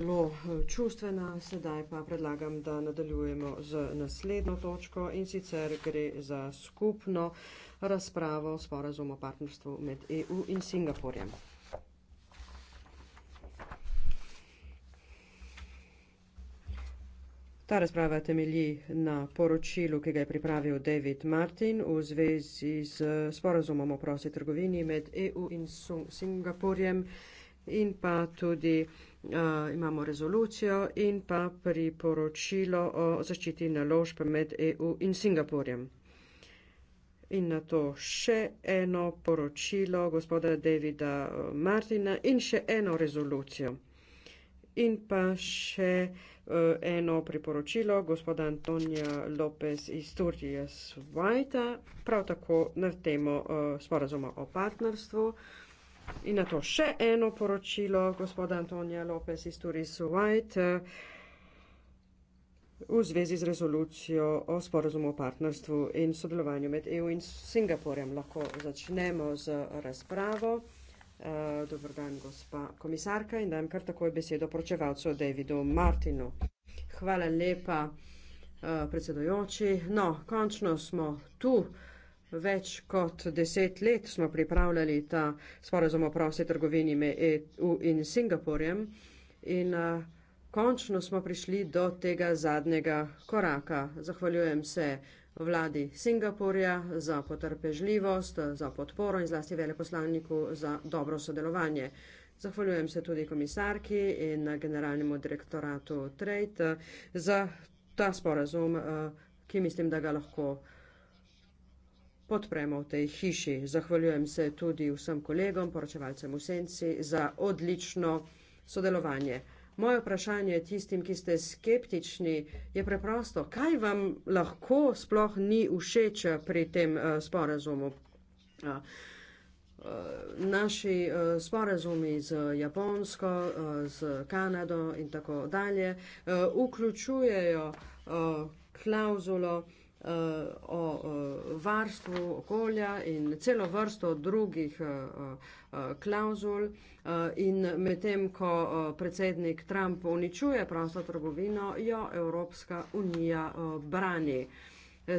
zelo eh, čustvena, sedaj pa predlagam, da nadaljujemo z naslednjo točko in sicer gre za skupno razpravo sporazum o partnerstvu med EU in Singapurjem. Ta razprava temelji na poročilu, ki ga je pripravil David Martin v zvezi z sporazumom o prosti trgovini med EU in Singapurjem in pa tudi Eh, imamo rezolucijo in pa priporočilo o zaščiti naložb med EU in Singapurjem. In na to še eno poročilo gospoda Davida Martina in še eno rezolucijo. In pa še uh, eno priporočilo gospoda Antonija Lopez iz Turčije Svajta, prav tako na temo uh, sporazuma o partnerstvu. In na to še eno poročilo gospoda Antonija Lopez iz Turisu White v zvezi z rezolucijo o sporozumu o partnerstvu in sodelovanju med EU in Singapurjem. Lahko začnemo z razpravo. Eh, Dobro dan, gospa komisarka, in dam kar takoj besedo poročevalcu Davidu Martinu. Hvala lepa, eh, predsedojoči. No, končno smo tu. Več kot deset let smo pripravljali ta sporazum o prosti trgovini med EU in Singapurjem in končno smo prišli do tega zadnjega koraka. Zahvaljujem se vladi Singapurja za potrpežljivost, za podporo in zlasti veleposlaniku za dobro sodelovanje. Zahvaljujem se tudi komisarki in generalnemu direktoratu Trade za ta sporazum, ki mislim, da ga lahko podpremo v tej hiši. Zahvaljujem se tudi vsem kolegom, poročevalcem v senci za odlično sodelovanje. Moje vprašanje tistim, ki ste skeptični, je preprosto, kaj vam lahko sploh ni všeč pri tem uh, sporazumu? Uh, Naši sporazumi z Japonsko, z Kanado in tako dalje vključujejo klauzulo, Eh, o varstvu okolja in celo vrsto drugih eh, eh, klauzul. In medtem, ko predsednik Trump uničuje prosto trgovino, jo Evropska unija brani.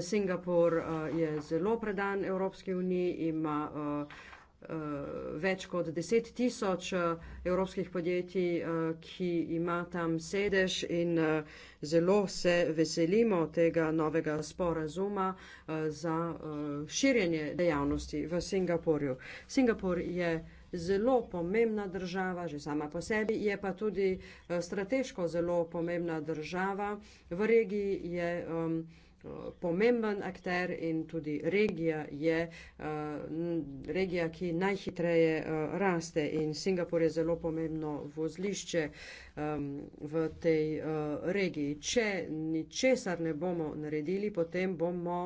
Singapur je zelo predan Evropski uniji, ima Eh, več kot deset tisoč eh, evropskih podjetij, eh, ki ima tam sedež in zelo se veselimo tega novega sporazuma za širjenje dejavnosti v Singapurju. Singapur je zelo pomembna država, že sama po sebi je pa tudi strateško zelo pomembna država. V regiji je um, pomemben akter in tudi regija je eh, regija, ki najhitreje eh, raste in Singapur je zelo pomembno vozlišče ehm, v tej eh, regiji. Če ničesar ne bomo naredili, potem bomo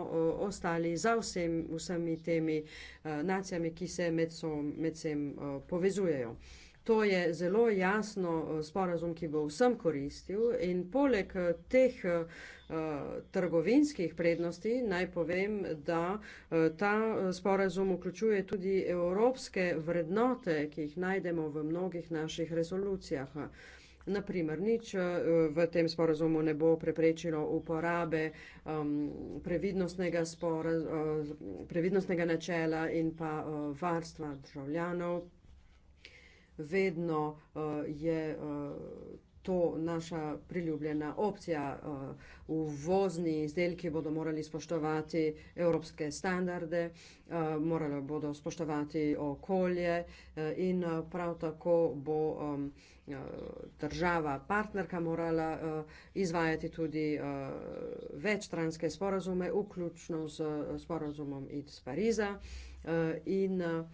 ostali za vsem, vsemi temi nacijami, ki se med, so, med sem povezujejo. To je zelo jasno eh, sporazum, ki bo vsem koristil in poleg eh, teh eh, trgovinskih prednosti naj povem, da ta sporazum vključuje tudi evropske vrednote, ki jih najdemo v mnogih naših resolucijah. Naprimer, nič v tem sporazumu ne bo preprečilo uporabe um, previdnostnega, spora, uh, previdnostnega načela in pa uh, varstva državljanov vedno uh, je uh, to naša priljubljena opcija. Eh, uvozni uh, izdelki bodo morali spoštovati evropske standarde, uh, morali bodo spoštovati okolje uh, in uh, prav tako bo um, uh, država partnerka morala uh, izvajati tudi uh, večstranske sporazume, vključno s uh, sporazumom iz Pariza. Uh, in, uh,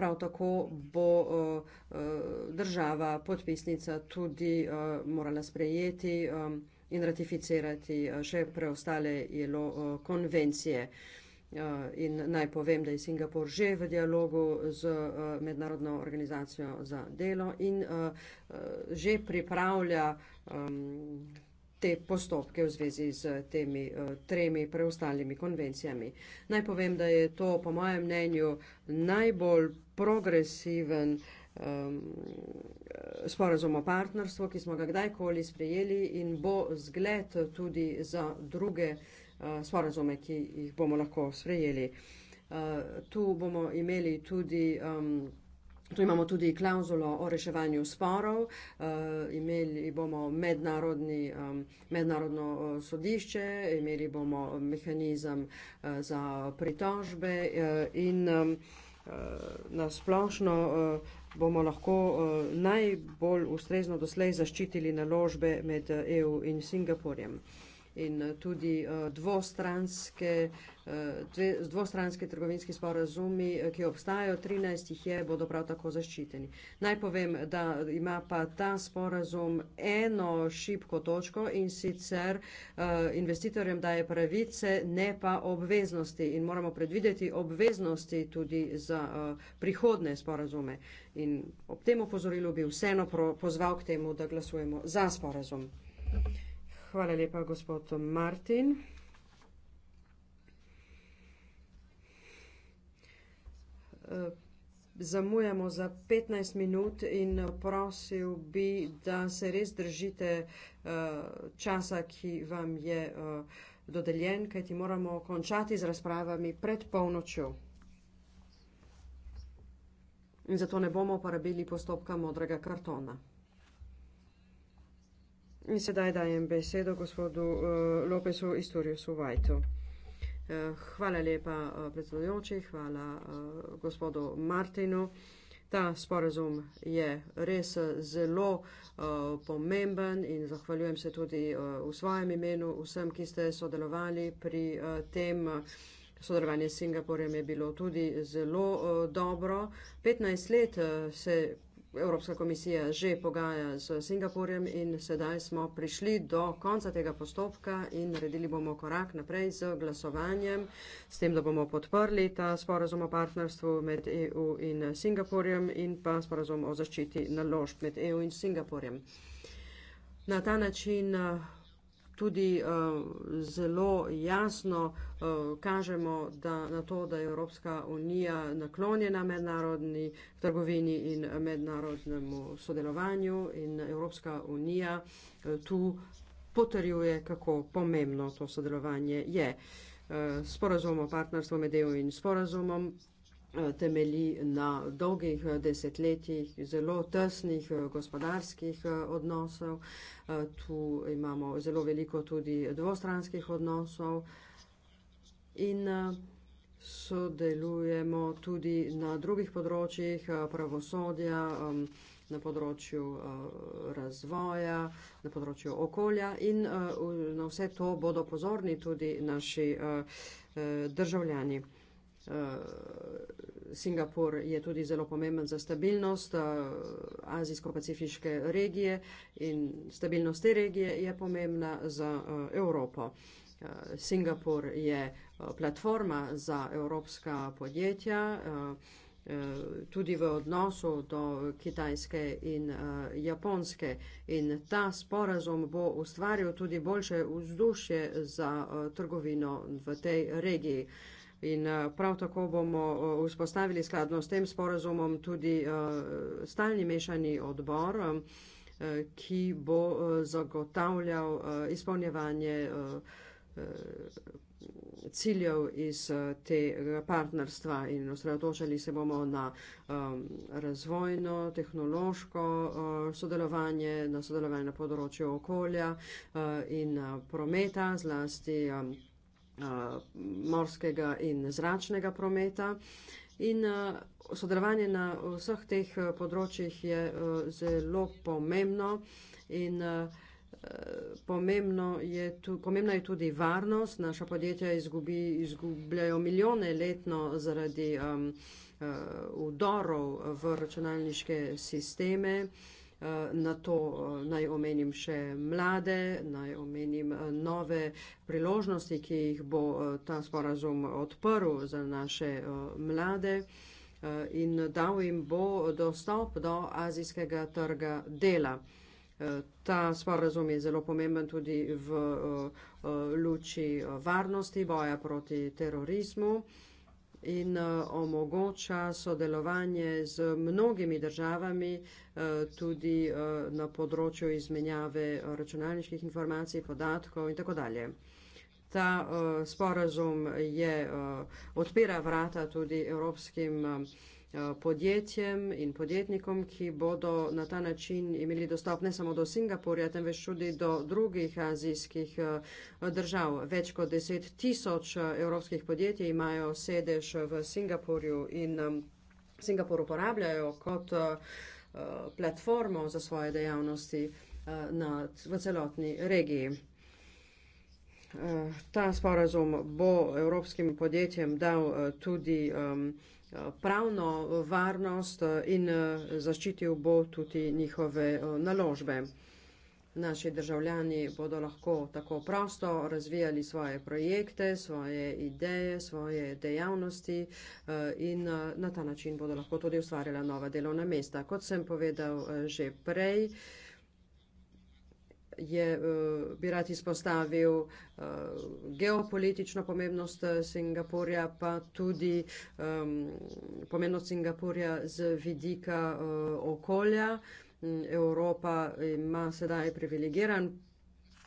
prav tako bo eh, eh, država podpisnica tudi eh, morala sprejeti in ratificirati še preostale ILO konvencije. In naj povem, da je Singapur že v dialogu z Mednarodno organizacijo za delo in že pripravlja te postopke v zvezi z temi uh, tremi preostalimi konvencijami. Naj povem, da je to po mojem mnenju najbolj progresiven um, sporazum o partnerstvu, ki smo ga kdajkoli sprejeli in bo zgled tudi za druge uh, sporazume, ki jih bomo lahko sprejeli. Uh, tu bomo imeli tudi um, Tu imamo tudi klauzulo o reševanju sporov, uh, imeli bomo um, mednarodno uh, sodišče, imeli bomo mehanizem uh, za pritožbe uh, in um, uh, nasplošno uh, bomo lahko uh, najbolj ustrezno doslej zaščitili naložbe med EU in Singapurjem. Uh, in eh, tudi eh, dvostranske, eh, dve, dvostranske trgovinski sporazumi, ki obstajajo, 13 jih je, bodo prav tako zaščiteni. Naj povem, da ima pa ta sporazum eno šipko točko in sicer investitorjem daje pravice, ne pa obveznosti in moramo predvideti obveznosti tudi za prihodne sporazume. In ob tem opozorilu bi vseeno pozval k temu, da glasujemo za sporazum. Thank you. Hvala lepa, gospod Martin. Eh, zamujamo za 15 minut in prosil bi, da se res držite eh, časa, ki vam je eh, dodeljen, kajti moramo končati z razpravami pred polnočjo. In zato ne bomo uporabili postopka modrega kartona. In sedaj dajem besedo gospodu uh, eh, Lopesu Istoriusu Vajtu. Uh, hvala lepa uh, predsedujoči, hvala uh, gospodu Martinu. Ta sporazum je res zelo uh, pomemben in zahvaljujem se tudi uh, v svojem imenu vsem, ki ste sodelovali pri uh, tem. Uh, Sodelovanje s Singapurjem je bilo tudi zelo uh, dobro. 15 let uh, se Evropska komisija že pogaja z Singapurjem in sedaj smo prišli do konca tega postopka in naredili bomo korak naprej z glasovanjem, s tem, da bomo podprli ta sporazum o partnerstvu med EU in Singapurjem in pa sporazum o zaščiti naložb med EU in Singapurjem. Na ta način tudi uh, zelo jasno uh, kažemo da, na to, da je Evropska unija naklonjena mednarodni trgovini in mednarodnemu sodelovanju in Evropska unija uh, tu potrjuje, kako pomembno to sodelovanje je. Uh, sporazum o partnerstvu med EU in sporazumom Eh, temelji na dolgih eh, desetletjih zelo tesnih eh, gospodarskih odnosov. Tu imamo zelo veliko tudi dvostranskih odnosov in sodelujemo tudi na drugih področjih pravosodja, na področju razvoja, na področju okolja in na vse to bodo pozorni tudi naši državljani. Eh, Singapur je tudi zelo pomemben za stabilnost eh, azijsko-pacifiške regije in stabilnost te regije je pomembna za eh, Evropo. Singapur je platforma za evropska podjetja, tudi v odnosu do Kitajske in Japonske. In ta sporazum bo ustvaril tudi boljše vzdušje za trgovino v tej regiji. In eh, prav tako bomo eh, vzpostavili skladno s tem sporazumom tudi eh, stalni mešani odbor, ki bo zagotavljal izpolnjevanje ciljev iz tega partnerstva in osredotočali se bomo na razvojno, tehnološko sodelovanje, na sodelovanje na področju okolja in prometa, zlasti Eh, morskega in zračnega prometa. In eh, sodelovanje na vseh teh eh, področjih je zelo pomembno in pomembno je tu, pomembna je tudi varnost. Naša podjetja izgubi, izgubljajo milijone letno zaradi um, vdorov v računalniške sisteme. Um, Eh, na to eh, naj omenim še mlade, naj omenim eh, nove priložnosti, ki jih bo ta sporazum odprl za naše mlade in dal jim bo dostop do azijskega trga dela. Ta sporazum je zelo pomemben tudi v luči varnosti, boja proti terorizmu in eh, omogoča sodelovanje z mnogimi državami, eh, tudi eh, na področju izmenjave računalniških informacij, podatkov in tako dalje. Ta sporazum je, odpira vrata tudi evropskim Eh, podjetjem in podjetnikom, ki bodo na ta način imeli dostop ne samo do Singapurja, temveč tudi do drugih azijskih eh, držav. Več kot deset tisoč eh, evropskih podjetij imajo sedež v Singapurju in Singapur uporabljajo kot platformo za svoje dejavnosti v celotni regiji. Ta sporazum bo evropskim podjetjem dal tudi um, pravno varnost eh, in eh, zaščitil bo tudi njihove eh, naložbe. Naši državljani bodo lahko tako prosto razvijali svoje projekte, svoje ideje, svoje dejavnosti in na ta način bodo lahko tudi ustvarjala nova delovna mesta. Kot sem povedal že prej, je, eh, bi rad izpostavil eh, geopolitično pomembnost eh, Singapurja, pa tudi um, pomembnost Singapurja z vidika uh, okolja. Mm, Evropa ima sedaj privilegiran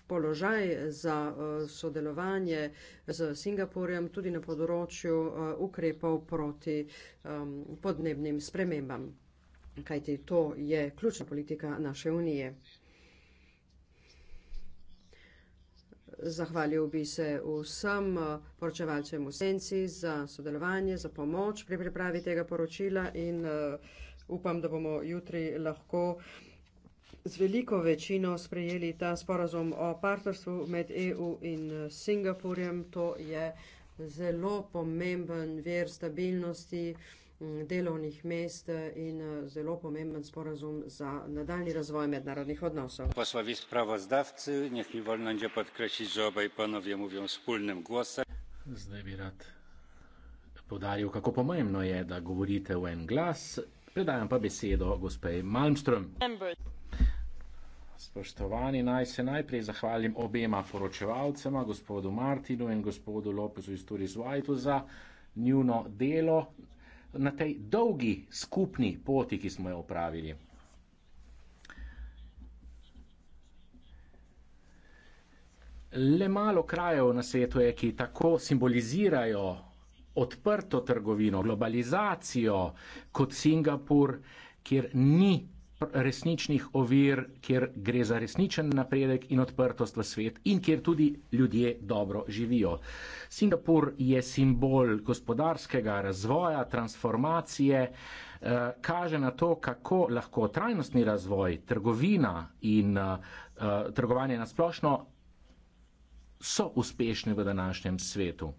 položaj za uh, sodelovanje z Singapurjem tudi na področju uh, ukrepov proti um, podnebnim spremembam, kajti to je ključna politika naše unije. Zahvalil bi se vsem eh, poročevalcem v senci za sodelovanje, za pomoč pri pripravi tega poročila in eh, upam, da bomo jutri lahko z veliko večino sprejeli ta sporazum o partnerstvu med EU in eh, Singapurjem. To je zelo pomemben ver stabilnosti. Mm, delovnih mest eh, in eh, zelo pomemben sporazum za nadaljni razvoj mednarodnih odnosov. Zdaj bi rad podaril, kako pomembno je, da govorite v en glas. Predajam pa besedo gospej Malmström. Spoštovani, naj se najprej zahvalim obema poročevalcema, gospodu Martinu in gospodu Lopezu iz Turizvajtu za njuno delo na tej dolgi skupni poti, ki smo jo opravili. Le malo krajev na svetu je, ki tako simbolizirajo odprto trgovino, globalizacijo kot Singapur, kjer ni resničnih ovir, kjer gre za resničen napredek in odprtost v svet in kjer tudi ljudje dobro živijo. Singapur je simbol gospodarskega razvoja, transformacije, eh, kaže na to, kako lahko trajnostni razvoj, trgovina in eh, eh, trgovanje na splošno so uspešne v današnjem svetu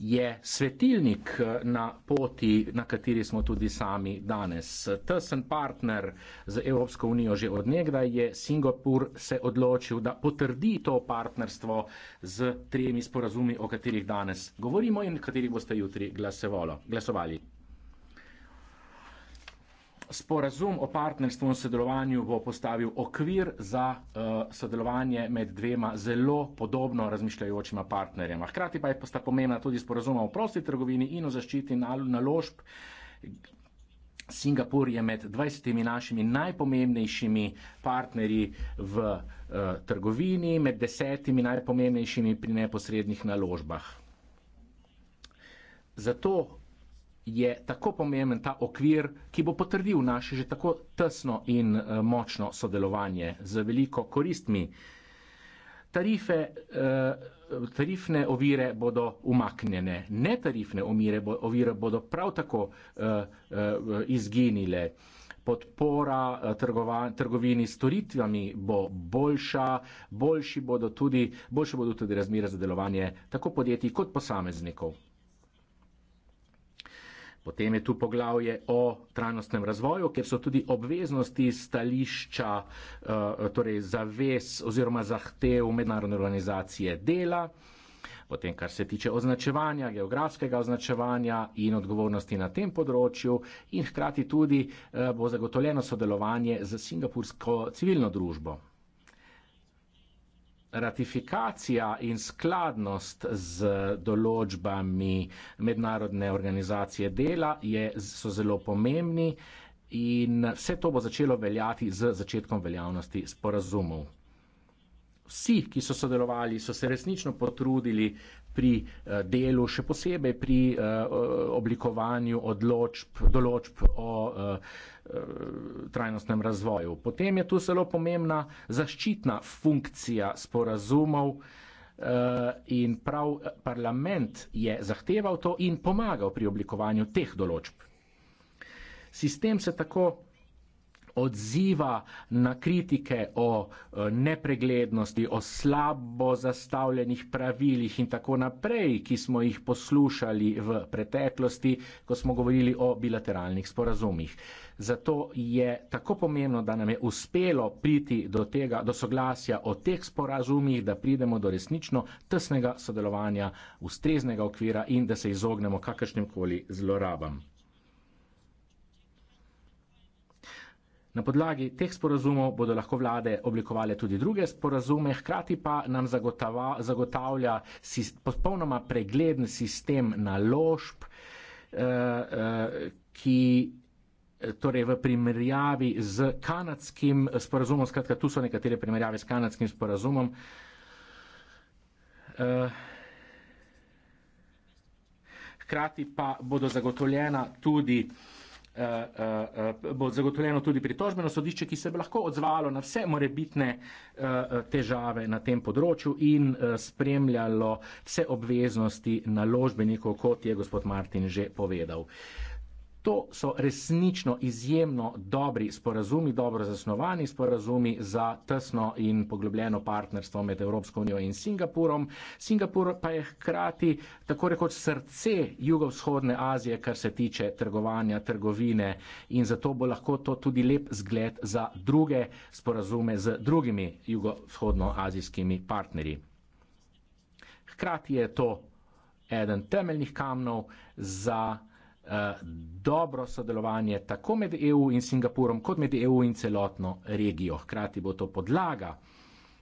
je svetilnik eh, na poti, na kateri smo tudi sami danes. Tesen partner z Evropsko unijo že od nekdaj je Singapur se odločil, da potrdi to partnerstvo z tremi sporazumi, o katerih danes govorimo in katerih boste jutri glasovali. Sporazum o partnerstvu in sodelovanju bo postavil okvir za uh, sodelovanje med dvema zelo podobno razmišljajočima partnerjema. Hkrati pa je posta pomembna tudi sporazuma o prosti trgovini in o zaščiti naložb. Singapur je med 20 našimi najpomembnejšimi partnerji v uh, trgovini, med desetimi najpomembnejšimi pri neposrednih naložbah. Zato je tako pomemben ta okvir, ki bo potrdil naše že tako tesno in eh, močno sodelovanje z veliko koristmi. Tarife, eh, tarifne ovire bodo umaknjene, netarifne ovire bodo prav tako eh, izginile. Podpora trgovini s storitvami bo boljša, boljši bodo tudi, boljše bodo tudi razmere za delovanje tako podjetij kot posameznikov. Potem je tu poglavje o trajnostnem razvoju, kjer so tudi obveznosti stališča, eh, torej zavez oziroma zahtev mednarodne organizacije dela. Potem, kar se tiče označevanja, geografskega označevanja in odgovornosti na tem področju, in hkrati tudi eh, bo zagotovljeno sodelovanje z singapursko civilno družbo ratifikacija in skladnost z določbami mednarodne organizacije dela je, so zelo pomembni in vse to bo začelo veljati z začetkom veljavnosti sporazumov. Vsi, ki so sodelovali, so se resnično potrudili, pri eh, delu, še posebej pri eh, oblikovanju odločb, določb o eh, trajnostnem razvoju. Potem je tu zelo pomembna zaščitna funkcija sporazumov. In prav parlament je zahteval to in pomagal pri oblikovanju teh določb. Sistem se tako odziva na kritike o e, nepreglednosti, o slabo zastavljenih pravilih in tako naprej, ki smo jih poslušali v preteklosti, ko smo govorili o bilateralnih sporazumih. Zato je tako pomembno, da nam je uspelo priti do tega, do soglasja o teh sporazumih, da pridemo do resnično tesnega sodelovanja, ustreznega okvira in da se izognemo kakršnim koli zlorabam. Na podlagi teh sporazumov bodo lahko vlade oblikovale tudi druge sporazume, hkrati pa nam zagotava, zagotavlja popolnoma pregleden sistem naložb, eh, eh, ki eh, torej v primerjavi z kanadskim sporazumom, skratka tu so nekatere primerjave s kanadskim sporazumom, hkrati pa bodo zagotovljena tudi Eh, eh, eh, bo zagotovljeno tudi pritožbeno sodišče, ki se bo lahko odzvalo na vse morebitne težave na tem področju in spremljalo vse obveznosti naložbenikov, kot je gospod Martin že povedal. To so resnično izjemno dobri sporazumi, dobro zasnovani sporazumi za tesno in poglobljeno partnerstvo med Evropsko unijo in Singapurom. Singapur pa je hkrati tako rekoč srce jugovzhodne Azije, kar se tiče trgovanja, trgovine in zato bo lahko to tudi lep zgled za druge sporazume z drugimi jugovzhodnoazijskimi partnerji. Hkrati je to eden temeljnih kamnov za. Eh, dobro sodelovanje tako med EU in Singapurom, kot med EU in celotno regijo. Hkrati bo to podlaga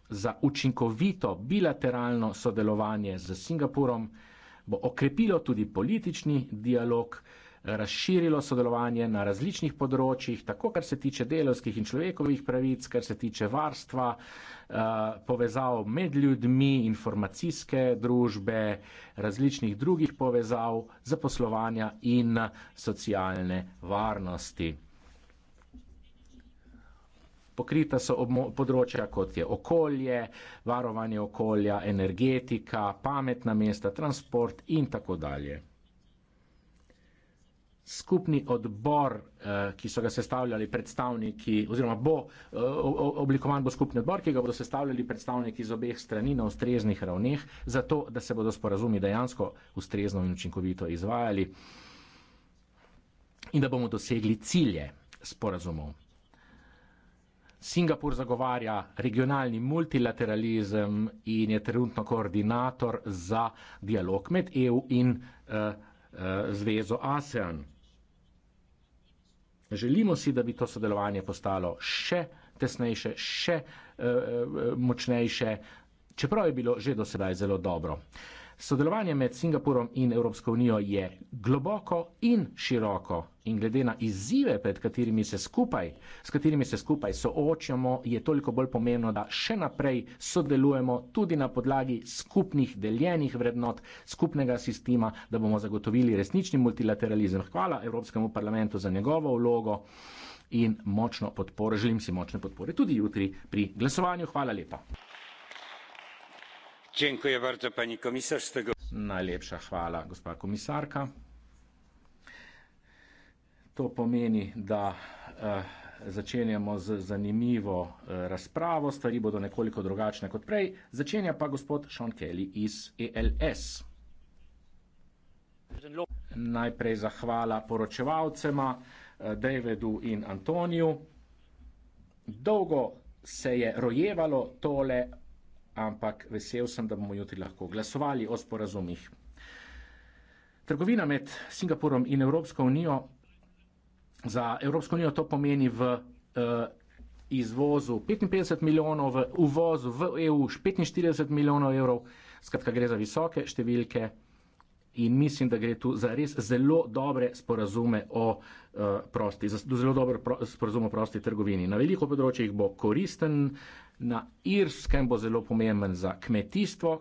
za učinkovito bilateralno sodelovanje z Singapurom, bo okrepilo tudi politični dialog, uh, razširilo sodelovanje na različnih področjih, tako kar se tiče delovskih in človekovih pravic, kar se tiče varstva, eh, povezav med ljudmi, informacijske družbe, različnih drugih povezav zaposlovanja in socialne varnosti. Pokrita so področja, kot je okolje, varovanje okolja, energetika, pametna mesta, transport in tako dalje skupni odbor, eh, ki so ga sestavljali predstavniki, oziroma bo eh, oblikovan bo skupni odbor, ki ga bodo sestavljali predstavniki iz obeh strani na ustreznih ravneh, zato da se bodo sporazumi dejansko ustrezno in učinkovito izvajali in da bomo dosegli cilje sporazumov. Singapur zagovarja regionalni multilateralizem in je trenutno koordinator za dialog med EU in uh, uh, zvezo ASEAN. Želimo si, da bi to sodelovanje postalo še tesnejše, še uh, močnejše, čeprav je bilo že do sedaj zelo dobro. Uh, Sodelovanje med Singapurom in Evropsko unijo je globoko in široko in glede na izzive, pred katerimi se skupaj, s katerimi se skupaj soočamo, je toliko bolj pomembno, da še naprej sodelujemo tudi na podlagi skupnih deljenih vrednot, skupnega sistema, da bomo zagotovili resnični multilateralizem. Hvala Evropskemu parlamentu za njegovo vlogo in močno podporo. Želim si močne podpore tudi jutri pri glasovanju. Hvala lepa. Najlepša hvala, gospa komisarka. To pomeni, da eh, začenjamo z zanimivo eh, razpravo, stvari bodo nekoliko drugačne kot prej. Začenja pa gospod Sean Kelly iz ELS. Najprej zahvala poročevalcema eh, Davidu in Antoniju. Dolgo se je rojevalo tole ampak vesel sem, da bomo jutri lahko glasovali o sporazumih. Trgovina med Singapurom in Evropsko unijo, za Evropsko unijo to pomeni v eh, izvozu 55 milijonov, v uvozu v EU 45 milijonov evrov, skratka gre za visoke številke in mislim, da gre tu za res zelo dobre sporazume o uh, prosti, zelo dobro pro, sporazum o prosti trgovini. Na veliko področjih bo koristen, na irskem bo zelo pomemben za kmetijstvo,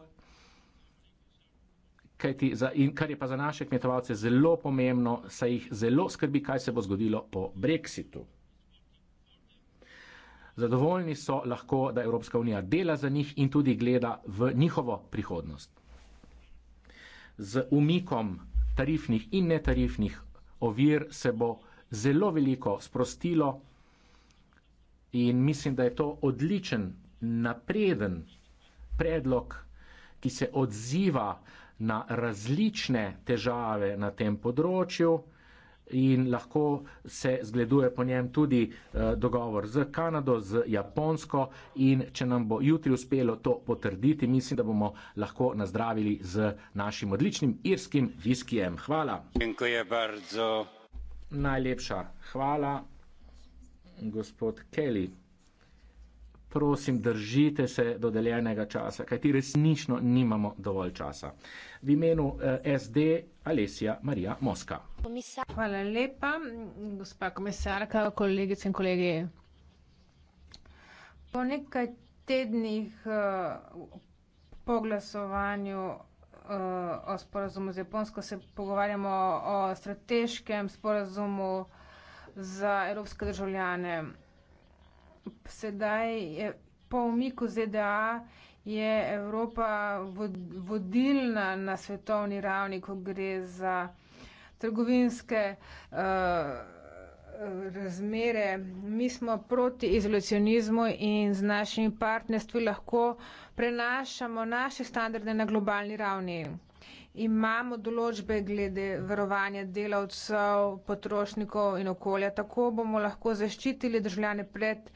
za, in, kar je pa za naše kmetovalce zelo pomembno, saj jih zelo skrbi, kaj se bo zgodilo po Brexitu. Zadovoljni so lahko, da Evropska unija dela za njih in tudi gleda v njihovo prihodnost z umikom tarifnih in netarifnih ovir se bo zelo veliko sprostilo in mislim, da je to odličen, napreden predlog, ki se odziva na različne težave na tem področju in lahko se zgleduje po njem tudi eh, dogovor z Kanado, z Japonsko in če nam bo jutri uspelo to potrditi, mislim, da bomo lahko nazdravili z našim odličnim irskim viskijem. Hvala. Najlepša hvala, gospod Kelly prosim, držite se dodeljenega časa, kajti resnično nimamo dovolj časa. V imenu eh, SD Alesija Marija Moska. Hvala lepa, gospa komisarka, kolegice in kolegi. Po nekaj tednih eh, po glasovanju eh, o sporazumu z Japonsko se pogovarjamo o strateškem sporazumu za evropske državljane sedaj je po umiku ZDA. Je Evropa vodilna na svetovni ravni, ko gre za trgovinske uh, razmere. Mi smo proti izolacionizmu in z našimi partnerstvi lahko prenašamo naše standarde na globalni ravni imamo določbe glede varovanja delavcev, potrošnikov in okolja. Tako bomo lahko zaščitili državljane pred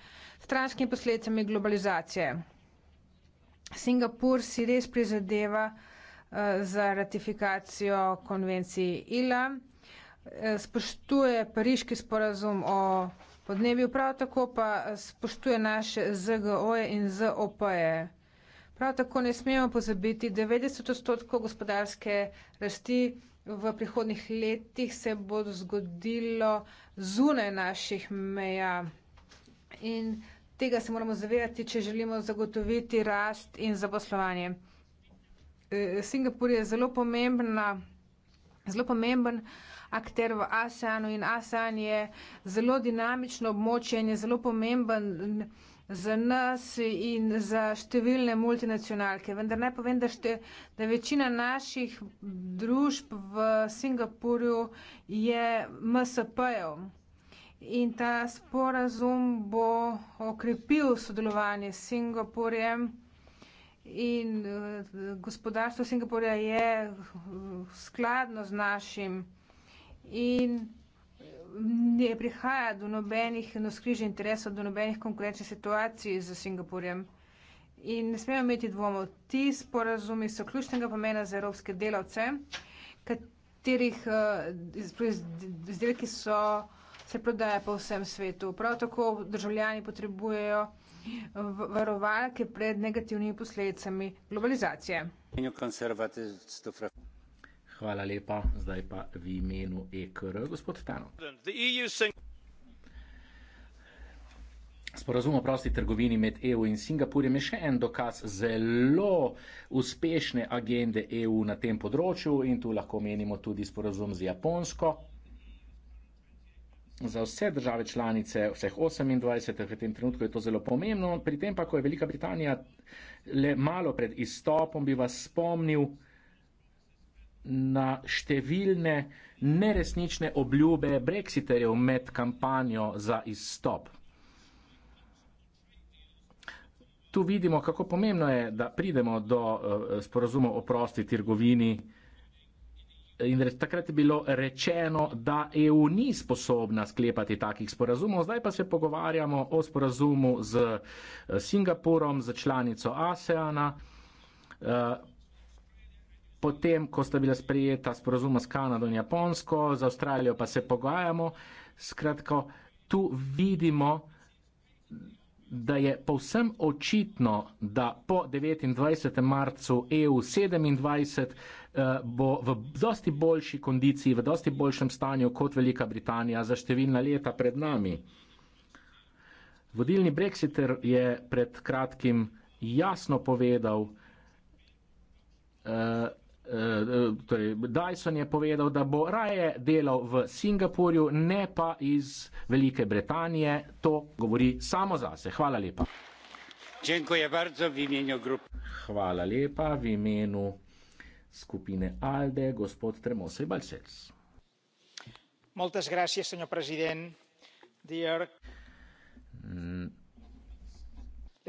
stranskimi posledicami globalizacije. Singapur si res prizadeva eh, za ratifikacijo konvenciji ILA, eh, spoštuje pariški sporazum o podnebju, prav tako pa spoštuje naše ZGO-je in ZOP-je. Prav tako ne smemo pozabiti, da 90 odstotkov gospodarske rasti v prihodnih letih se bo zgodilo zunaj naših meja. In tega se moramo zavedati, če želimo zagotoviti rast in zaposlovanje. E, Singapur je zelo, pomembna, zelo pomemben akter v ASEANu in ASEAN je zelo dinamično območje in je zelo pomemben za nas in za številne multinacionalke. Vendar naj povem, da, šte, da večina naših družb v Singapurju je MSP-jev. In ta sporazum bo okrepil sodelovanje s Singapurjem in uh, gospodarstvo Singapurja je hm, skladno z našim. In ne prihaja do nobenih noskrižij interesov, do nobenih konkurenčnih situacij z Singapurjem. In ne smemo imeti dvomov, ti sporazumi so ključnega pomena za evropske delavce, katerih eh, izdelki so se prodaja po vsem svetu. Prav tako državljani potrebujejo varovalke pred negativnimi posledicami globalizacije. Hvala lepa, zdaj pa v imenu EKR, gospod Tano. E sporazum o prosti trgovini med EU in Singapurjem je še en dokaz zelo uspešne agende EU na tem področju in tu lahko menimo tudi sporazum z Japonsko. Za vse države članice, vseh 28, v tem trenutku je to zelo pomembno. Pri tem pa, ko je Velika Britanija le malo pred izstopom, bi vas spomnil, na številne neresnične obljube brexiterjev med kampanjo za izstop. Tu vidimo, kako pomembno je, da pridemo do eh, sporazumov o prosti trgovini. In re, takrat je bilo rečeno, da EU ni sposobna sklepati takih sporazumov, zdaj pa se pogovarjamo o sporazumu z eh, Singapurom, z članico ASEANA. Eh, potem, ko sta bila sprejeta sporozuma s Kanado in Japonsko, za Avstralijo pa se pogajamo. Skratka, tu vidimo, da je povsem očitno, da po 29. marcu EU27 eh, bo v dosti boljši kondiciji, v dosti boljšem stanju kot Velika Britanija za številna leta pred nami. Vodilni Brexiter je pred kratkim jasno povedal, eh, Eh, torej Dyson je povedal, da bo raje delal v Singapurju, ne pa iz Velike Britanije. To govori samo zase. Hvala lepa. Hvala lepa v imenu skupine Alde, gospod Tremosej Balsels. Gracias, señor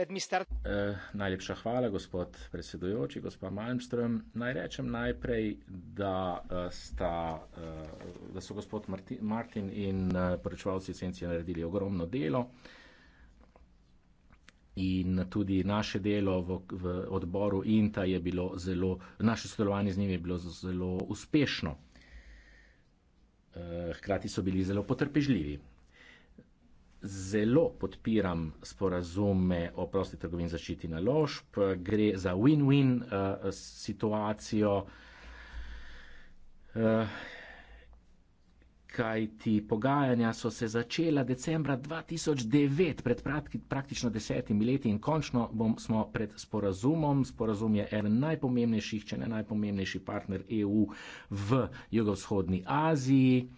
Mr. Eh, najlepša hvala, gospod predsedujoči, gospa Malmström. Naj rečem najprej, da, eh, sta, eh, da so gospod Martin in eh, poročevalci esencije naredili ogromno delo. In tudi naše delo v, v odboru INTA je bilo zelo, naše sodelovanje z njimi je bilo zelo uspešno. Hkrati so bili zelo potrpežljivi zelo podpiram sporazume o prosti trgovin zaščiti naložb, gre za win-win uh, situacijo, uh, eh, kaj ti pogajanja so se začela decembra 2009, pred praktično desetimi leti in končno bom, smo pred sporazumom. Sporazum je eden najpomembnejših, če ne najpomembnejši partner EU v jugovzhodni Aziji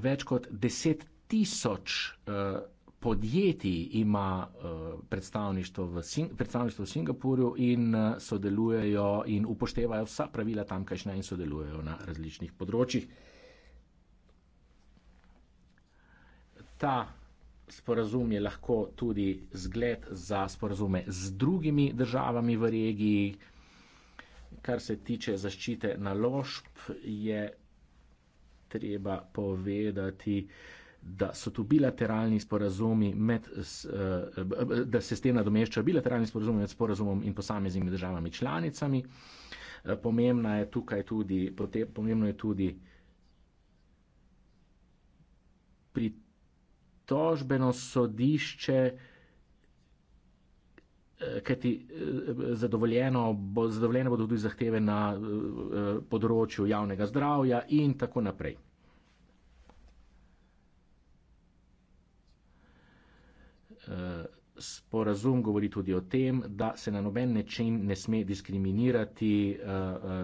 več kot deset tisoč uh, podjetij ima uh, predstavništvo, v predstavništvo v Singapurju in uh, sodelujejo in upoštevajo vsa pravila tamkajšnja in sodelujejo na različnih področjih. Ta sporazum je lahko tudi zgled za sporazume z drugimi državami v regiji. Kar se tiče zaščite naložb, je treba povedati, da so tu bilateralni sporazumi med, eh, da se s tem nadomešča bilateralni sporazumi med sporazumom in posameznimi državami članicami. Eh, pomembna je tukaj tudi, pomembno je tudi pritožbeno sodišče, kajti eh, zadovoljeno bo, zadovoljeno bodo tudi zahteve na eh, področju javnega zdravja in tako naprej. Eh, sporazum govori tudi o tem, da se na noben način ne sme diskriminirati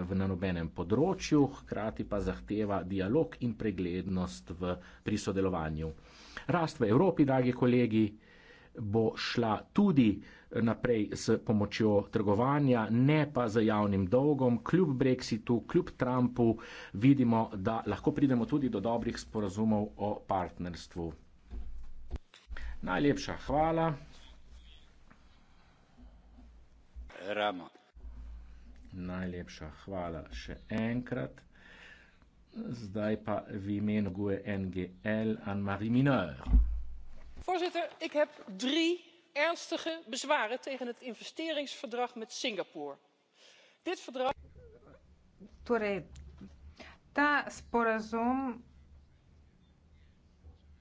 v na nobenem področju, hkrati pa zahteva dialog in preglednost v, pri sodelovanju. Rast v Evropi, dragi kolegi, bo šla tudi eh, naprej s pomočjo trgovanja, ne pa z javnim dolgom. Kljub Brexitu, kljub Trumpu vidimo, da lahko pridemo tudi do dobrih sporazumov o partnerstvu. Najlepša hvala. Ramo. Najlepša hvala še enkrat. Zdaj pa v imenu GUE NGL Anne-Marie Mineur voorzitter ik heb drie ernstige bezwaren tegen het investeringsverdrag met singapore. dit verdrag. torej ta sporazum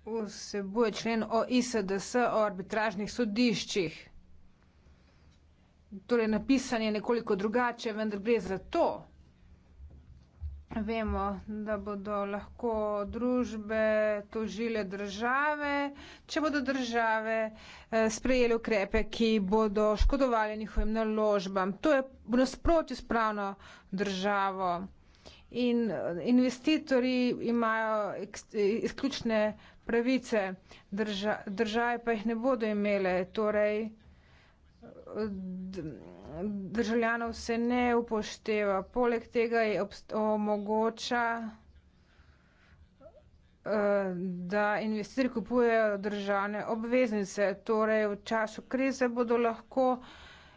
vsebuje člen o isds o arbitražnih sodiščih. torej napisan je nekoliko drugače vendar gre za to Vemo, da bodo lahko družbe tožile države, če bodo države eh, sprejeli ukrepe, ki bodo škodovali njihovim naložbam. To je v nasprotju s pravno državo. In eh, investitorji imajo izključne pravice, drža, države pa jih ne bodo imele. Torej, državljanov se ne upošteva. Poleg tega je omogoča, eh, da investitorji kupujejo državne obveznice. Torej v času krize bodo lahko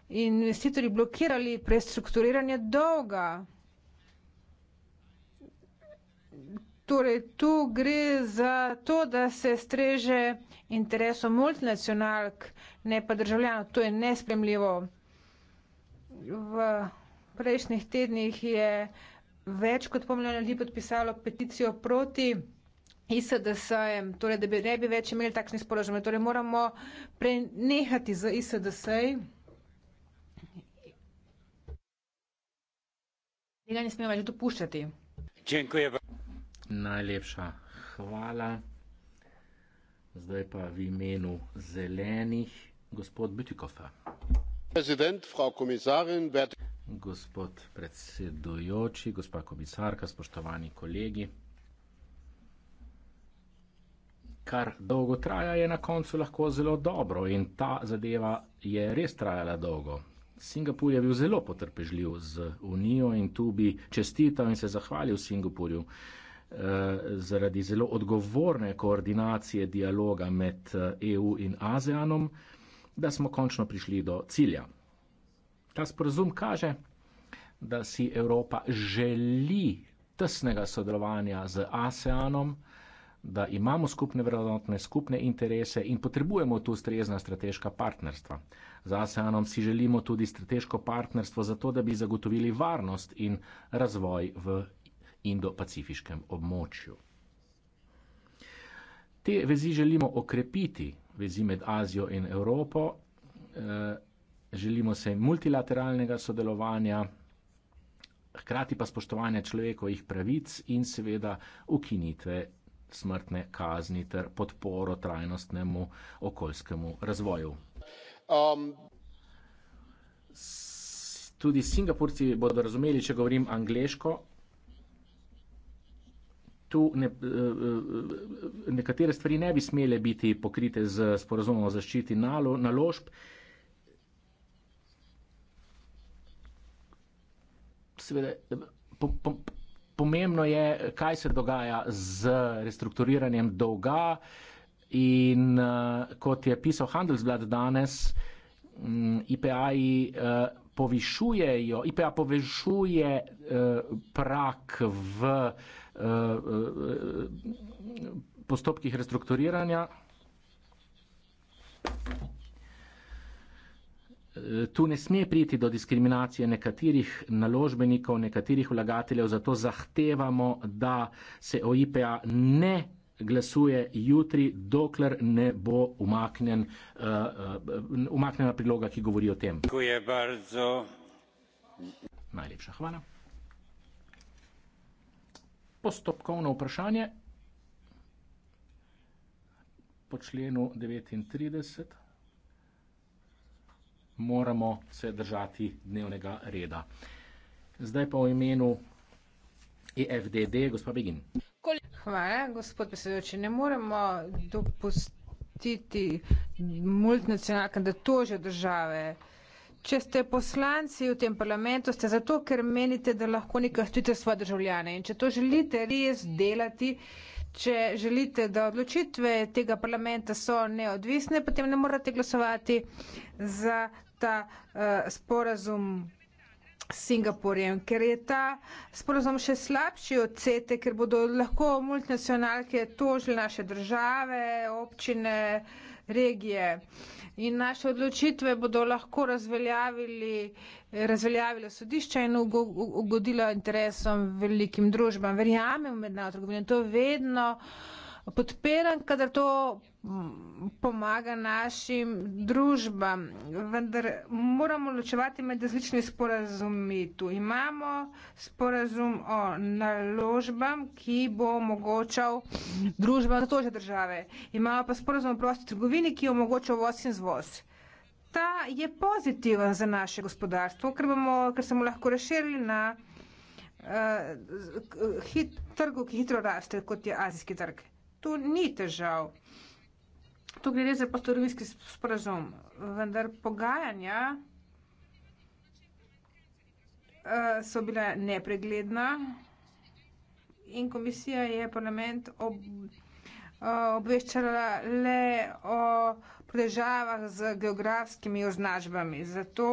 investitorji blokirali prestrukturiranje dolga. Torej, tu gre za to, da se streže interesom multinacionalk, ne pa državljanov. To je nespremljivo. V prejšnjih tednih je več kot pomljeno ljudi podpisalo peticijo proti ISDS-em, torej da bi ne bi več imeli takšnih sporožnjev. Torej moramo prenehati z ISDS-ej. Tega ne smemo več dopuščati. Najlepša hvala. Zdaj pa v imenu zelenih gospod Bütikofer. Gospod predsedujoči, gospa komisarka, spoštovani kolegi. Kar dolgo traja, je na koncu lahko zelo dobro in ta zadeva je res trajala dolgo. Singapur je bil zelo potrpežljiv z Unijo in tu bi čestital in se zahvalil Singapurju eh, zaradi zelo odgovorne koordinacije dialoga med eh, EU in ASEANom da smo končno prišli do cilja. Ta sporozum kaže, da si Evropa želi tesnega sodelovanja z ASEANom, da imamo skupne vrednotne, skupne interese in potrebujemo tu strezna strateška partnerstva. Z ASEANom si želimo tudi strateško partnerstvo zato, da bi zagotovili varnost in razvoj v Indo-Pacifiškem območju te vezi želimo okrepiti, vezi med Azijo in Evropo. Eh, želimo se multilateralnega sodelovanja, hkrati pa spoštovanja človekovih pravic in seveda ukinitve smrtne kazni ter podporo trajnostnemu okoljskemu razvoju. Um. Tudi Singapurci bodo razumeli, če govorim angliško, tu ne, eh, eh, nekatere stvari ne bi smele biti pokrite z sporozumom o zaščiti naložb. Seveda, po, po, pomembno je, kaj se dogaja z restrukturiranjem dolga in eh, kot je pisal Handelsblad danes, mm, IPA-ji povišujejo, IPA povišuje prak v Eh, eh, postopkih restrukturiranja. Eh, tu ne sme priti do diskriminacije nekaterih naložbenikov, nekaterih vlagateljev, zato zahtevamo, da se o IPA ne glasuje jutri, dokler ne bo umaknen, umaknena priloga, ki govori o tem. Najlepša hvala. Postopkovno vprašanje po členu 39 moramo se držati dnevnega reda. Zdaj pa v imenu EFDD, gospod Begin. Hvala, gospod predsedujoči. Ne moremo dopustiti multinacionalke, da tožijo države. Če ste poslanci v tem parlamentu, ste zato, ker menite, da lahko nekaj štite svoje državljane. In če to želite res delati, če želite, da odločitve tega parlamenta so neodvisne, potem ne morate glasovati za ta uh, sporazum Singapurjem, ker je ta sporozum še slabši od CETE, ker bodo lahko multinacionalke tožile naše države, občine, regije in naše odločitve bodo lahko razveljavili, razveljavila sodišča in ugodila interesom velikim družbam. Verjamem v mednarodno trgovino, to vedno podpiram, kadar to mm, pomaga našim družbam, vendar moramo ločevati med različnimi sporazumi. Tu imamo sporazum o naložbam, ki bo omogočal družbam za tože države. Imamo pa sporazum o prosti trgovini, ki omogoča voz in zvoz. Ta je pozitiven za naše gospodarstvo, ker, bomo, ker smo lahko razširili na uh, hit, trgu, ki hitro raste, kot je azijski trg tu ni težav. Tu gre za postorovinski sporazum, vendar pogajanja uh, so bila nepregledna in komisija je parlament ob, uh, obveščala le o prodržavah z geografskimi označbami. Zato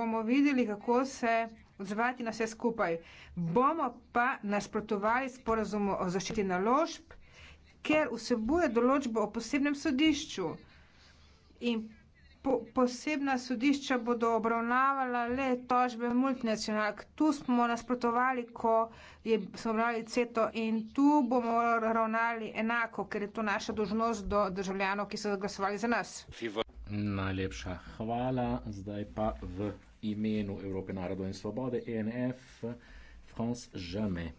bomo videli, kako se odzvati na vse skupaj. Bomo pa nasprotovali sporazumu o zaščiti naložb, ker vsebuje določbo o posebnem sodišču. In po, posebna sodišča bodo obravnavala le tožbe multinacionalk. Tu smo nasprotovali, ko je, smo obravnavali CETO in tu bomo ravnali enako, ker je to naša dožnost do državljanov, ki so glasovali za nas. Najlepša hvala. Zdaj pa v imenu Evrope narodov in svobode, ENF, Franz Jamais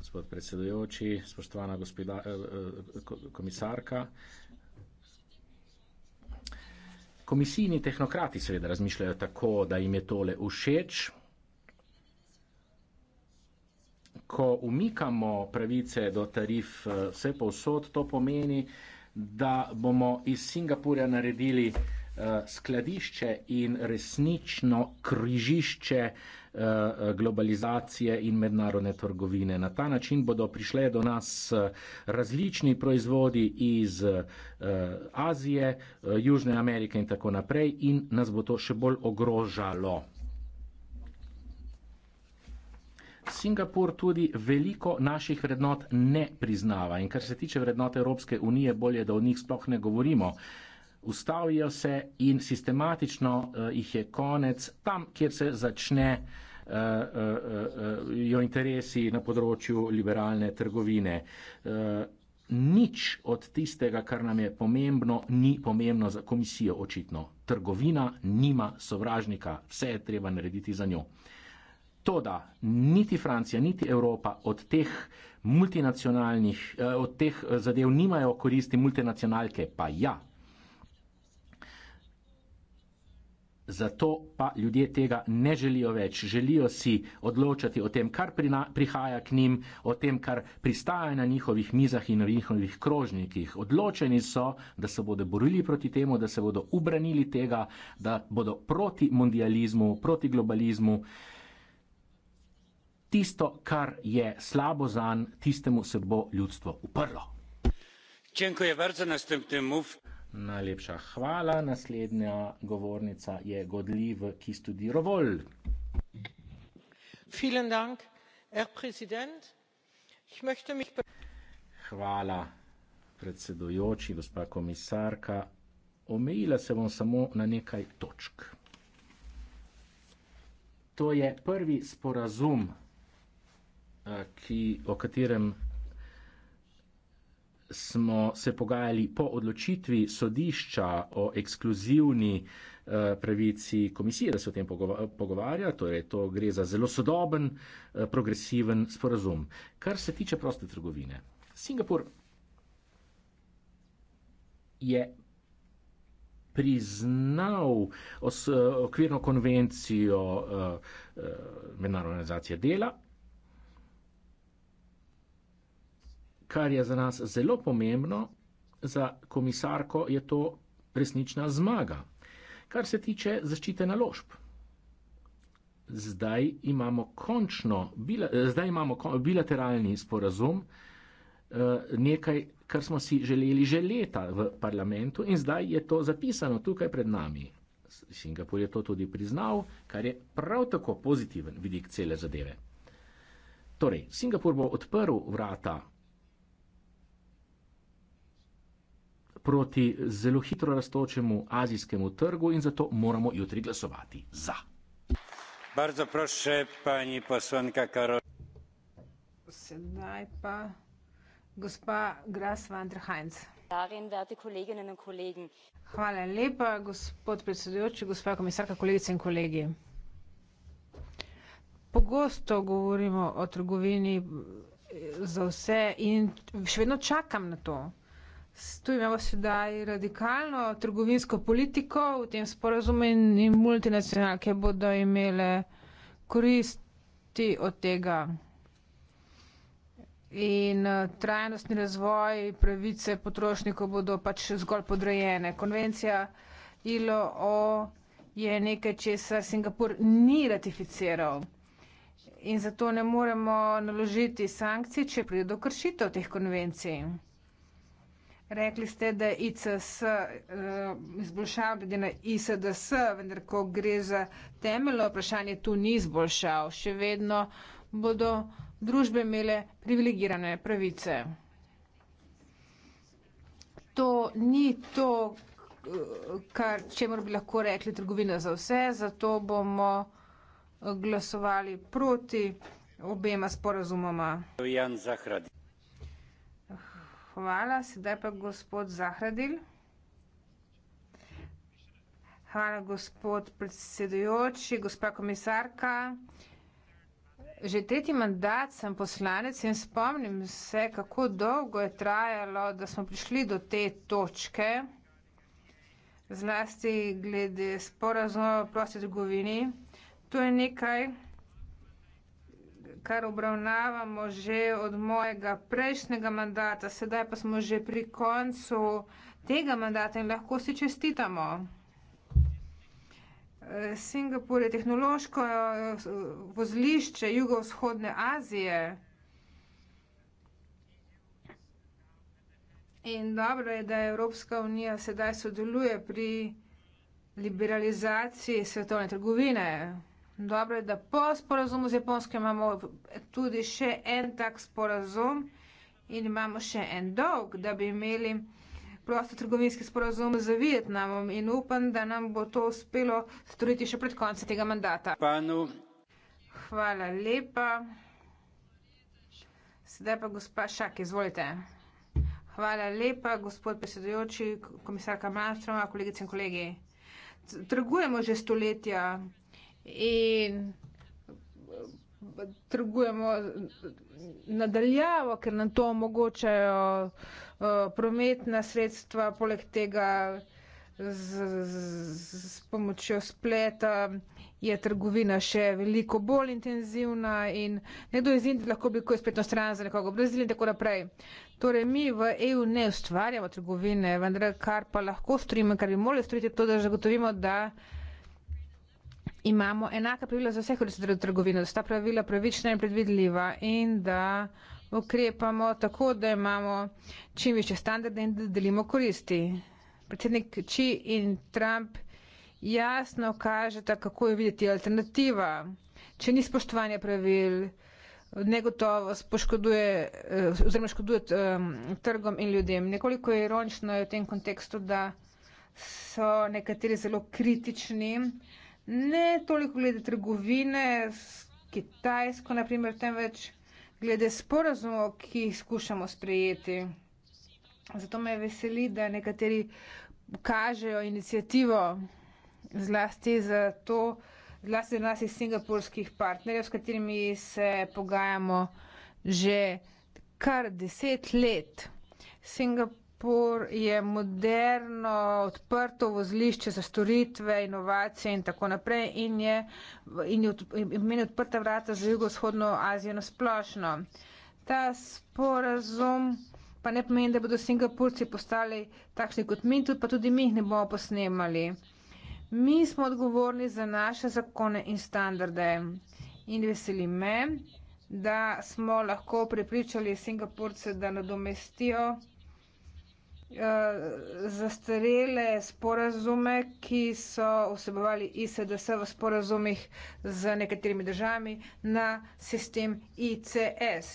gospod predsedujoči, spoštovana gospoda eh, eh, komisarka. Komisijni tehnokrati seveda razmišljajo tako, da jim je tole všeč. Ko umikamo pravice do tarif eh, vse povsod, to pomeni, da bomo iz Singapurja naredili skladišče in resnično križišče Eh, globalizacije in mednarodne trgovine. Na ta način bodo prišle do nas eh, različni proizvodi iz eh, Azije, Južne Amerike in tako naprej in nas bo to še bolj ogrožalo. Singapur tudi veliko naših vrednot ne priznava in kar se tiče vrednot Evropske unije, bolje, da o njih sploh ne govorimo ustavijo se in sistematično uh, jih je konec tam, kjer se začne uh, uh, uh, jo interesi na področju liberalne trgovine. Uh, Nič od tistega, kar nam je pomembno, ni pomembno za komisijo, očitno. Trgovina nima sovražnika, vse je treba narediti za njo. To, da niti Francija, niti Evropa od teh multinacionalnih, od teh zadev nimajo koristi multinacionalke, pa ja, Zato pa ljudje tega ne želijo več, želijo si odločati o tem, kar prihaja k njim, o tem, kar pristaja na njihovih mizah in na njihovih krožnikih. Odločeni so, da se bodo borili proti temu, da se bodo ubranili tega, da bodo proti mondializmu, proti globalizmu. Tisto, kar je slabo za njih, tistemu se bo ljudstvo uprlo. Čenko je vrzel na stem temu. Najlepša hvala. Naslednja govornica je Godljiv, ki študi Rovol. Hvala, predsedujoči, gospa komisarka. Omejila se bom samo na nekaj točk. To je prvi sporazum, eh, ki, o katerem smo se pogajali po odločitvi sodišča o ekskluzivni eh, pravici komisije, da se o tem pogovarja, torej to gre za zelo sodoben, eh, progresiven sporazum. Kar se tiče proste trgovine, Singapur je priznal os, okvirno konvencijo uh, uh, Mednarodne organizacije dela kar je za nas zelo pomembno, za komisarko je to resnična zmaga. Kar se tiče zaščite naložb, zdaj imamo končno, eh, zdaj imamo bilateralni sporazum, eh, nekaj, kar smo si želeli že leta v parlamentu in zdaj je to zapisano tukaj pred nami. Singapur je to tudi priznal, kar je prav tako pozitiven vidik cele zadeve. Torej, Singapur bo odprl vrata proti zelo hitro raztočemu azijskemu trgu in zato moramo jutri glasovati za. Bardzo proszę, pani posłanka Karol. Sedaj pa gospa Gras van der Heinz. Hvala lepa, gospod predsedujoči, gospa komisarka, kolegice in kolegi. Pogosto govorimo o trgovini za vse in še vedno čakam na to, Tu imamo sedaj radikalno trgovinsko politiko v tem sporazumu in multinacionalke bodo imele koristi od tega. In uh, trajnostni razvoj, pravice potrošnikov bodo pač zgolj podrejene. Konvencija ILO je nekaj, česar Singapur ni ratificiral. In zato ne moremo naložiti sankcij, če pride do kršitev teh konvencij. Rekli ste, da je eh, ICS izboljšal glede na ISDS, vendar ko gre za temeljno vprašanje, tu ni izboljšal. Še vedno bodo družbe imele privilegirane pravice. To ni to, kar, čemer bi lahko rekli trgovina za vse, zato bomo eh, glasovali proti obema sporazumoma. Jan Zahradi. Hvala, sedaj pa gospod Zahradil. Hvala, gospod predsedujoči, gospa komisarka. Že tretji mandat sem poslanec in spomnim se, kako dolgo je trajalo, da smo prišli do te točke, zlasti glede sporazuma o prosti trgovini. To je nekaj, kar obravnavamo že od mojega prejšnjega mandata, sedaj pa smo že pri koncu tega mandata in lahko si čestitamo. Singapur je tehnološko eh, vozlišče jugovzhodne Azije in dobro je, da Evropska unija sedaj sodeluje pri liberalizaciji svetovne trgovine. Dobro je, da po sporazumu z Japonsko imamo tudi še en tak sporazum in imamo še en dolg, da bi imeli prosto trgovinski sporazum z Vietnamom in upam, da nam bo to uspelo storiti še pred koncem tega mandata. Panu. Hvala lepa. Sedaj pa gospa Šak, izvolite. Hvala lepa, gospod predsedujoči, komisarka Malmstroma, kolegice in kolegi. Trgujemo že stoletja, in trgujemo nadaljavo, ker nam to omogočajo eh, prometna sredstva, poleg tega z, z, z pomočjo spleta je trgovina še veliko bolj intenzivna in nekdo iz Indije lahko bi kaj spletno stran za nekoga v Braziliji in tako naprej. Torej, mi v EU ne ustvarjamo trgovine, vendar kar pa lahko storimo, kar bi morali storiti, je to, da zagotovimo, da imamo enaka pravila za vse koristitelje trgovine, da so ta pravila pravična in predvidljiva in da ukrepamo tako, da imamo čim više standarde in da delimo koristi. Predsednik Či in Trump jasno kažeta, kako je videti alternativa. Če ni spoštovanje pravil, negotovost poškoduje eh, oziroma škoduje ehm, trgom in ljudem. Nekoliko je ironično v tem kontekstu, da so nekateri zelo kritični ne toliko glede trgovine s Kitajsko, naprimer, temveč glede sporazumov, ki jih skušamo sprejeti. Zato me veseli, da nekateri kažejo inicijativo zlasti za to, zlasti za nas iz singapurskih partnerjev, s katerimi se pogajamo že kar deset let. Singapur Singapur je moderno, odprto vozlišče za storitve, inovacije in tako naprej in je, in je, od, in je odprta vrata za jugovzhodno Azijo nasplošno. Ta sporazum pa ne pomeni, da bodo Singapurci postali takšni kot mi, tudi pa tudi mi jih ne bomo posnemali. Mi smo odgovorni za naše zakone in standarde in veseli me, da smo lahko prepričali Singapurce, da nadomestijo. Eh, zastarele sporazume, ki so vsebovali ISDS v sporazumih z nekaterimi državami na sistem ICS.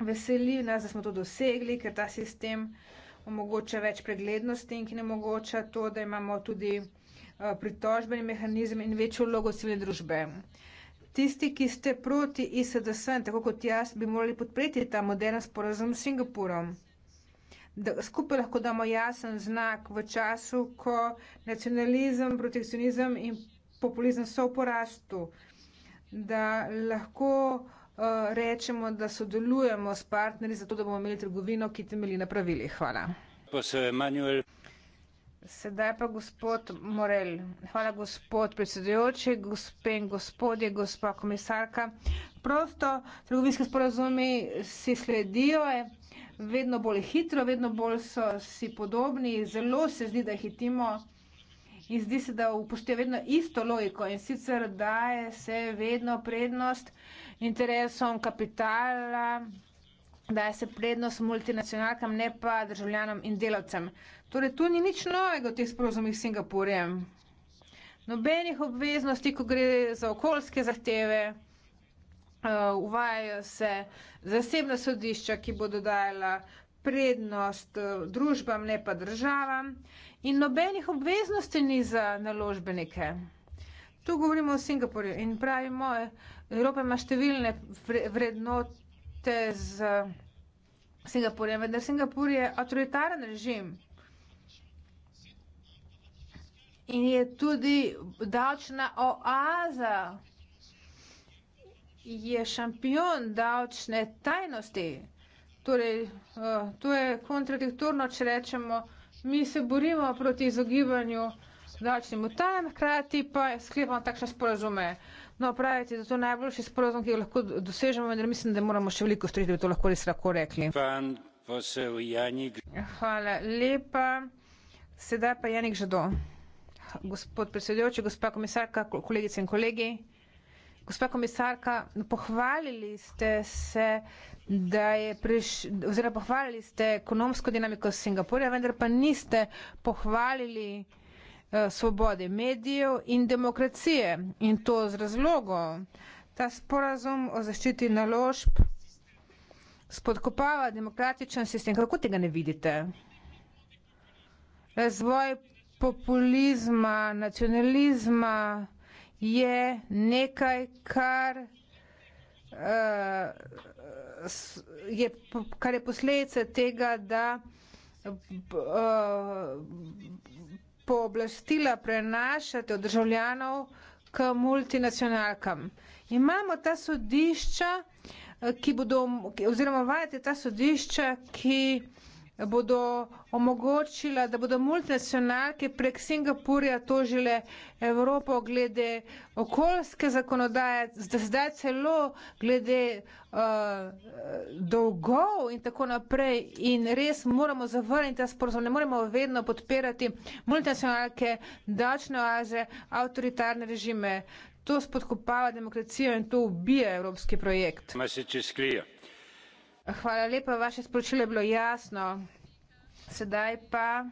Veseli nas, da smo to dosegli, ker ta sistem omogoča več preglednosti in ki ne omogoča to, da imamo tudi eh, pritožbeni mehanizem in večjo vlogo civilne družbe. Tisti, ki ste proti ISDS, tako kot jaz, bi morali podpreti ta moderna sporazum s Singapurom da skupaj lahko damo jasen znak v času, ko nacionalizem, protekcionizem in populizem so v porastu, da lahko uh, rečemo, da sodelujemo s partnerji zato, da bomo imeli trgovino, ki temelji na pravilih. Hvala. Eh, Sedaj pa gospod Morel. Hvala gospod predsedujoči, gospe in gospodje, gospa komisarka. Prosto trgovinski sporazumi si sledijo. Eh, vedno bolj hitro, vedno bolj so si podobni, zelo se zdi, da hitimo. In zdi se, da upošteva vedno isto logiko in sicer daje se vedno prednost interesom kapitala, daje se prednost multinacionalkam, ne pa državljanom in delavcem. Torej, tu ni nič novega v teh sporozumih s Singapurjem. Nobenih obveznosti, ko gre za okoljske zahteve. Eh, uvajajo se zasebna sodišča, ki bodo dajala prednost eh, družbam, ne pa državam in nobenih obveznosti ni za naložbenike. Tu govorimo o Singapurju in pravimo, eh, Evropa ima številne vrednote z Singapurjem, vendar Singapur je avtoritaren režim in je tudi davčna oaza je šampion davčne tajnosti. Torej, eh, to je kontradiktorno, če rečemo, mi se borimo proti izogibanju davčnim utajam, hkrati pa sklepamo takšne sporazume. No, pravite, da to je najboljši sporazum, ki ga lahko dosežemo, vendar mislim, da moramo še veliko storiti, da bi to lahko res lahko rekli. Hvala lepa. Sedaj pa Janik Žado. Gospod predsedujoči, gospa komisarka, kolegice in kolegi. Gospa komisarka, pohvalili ste se, da je priš, oziroma pohvalili ste ekonomsko dinamiko Singapurja, vendar pa niste pohvalili uh, svobode medijev in demokracije in to z razlogom. Ta sporazum o zaščiti naložb spodkopava demokratičen sistem. Kako tega ne vidite? Razvoj populizma, nacionalizma, je nekaj, kar, uh, je, kar je posledica tega, da uh, pooblastila prenašate od državljanov k multinacionalkam. Imamo ta sodišča, eh, ki bodo, oziroma vajate ta sodišča, ki uh, bodo omogočila, da bodo multinacionalke prek Singapurja tožile Evropo glede okoljske zakonodaje, da zdaj celo glede uh, dolgov in tako naprej. In res moramo zavrniti ta sporozum, ne moremo vedno podpirati multinacionalke, dačne oaze, avtoritarne režime. To spodkopava demokracijo in to ubija evropski projekt. Hvala lepa, vaše sporočilo je bilo jasno. Sedaj pa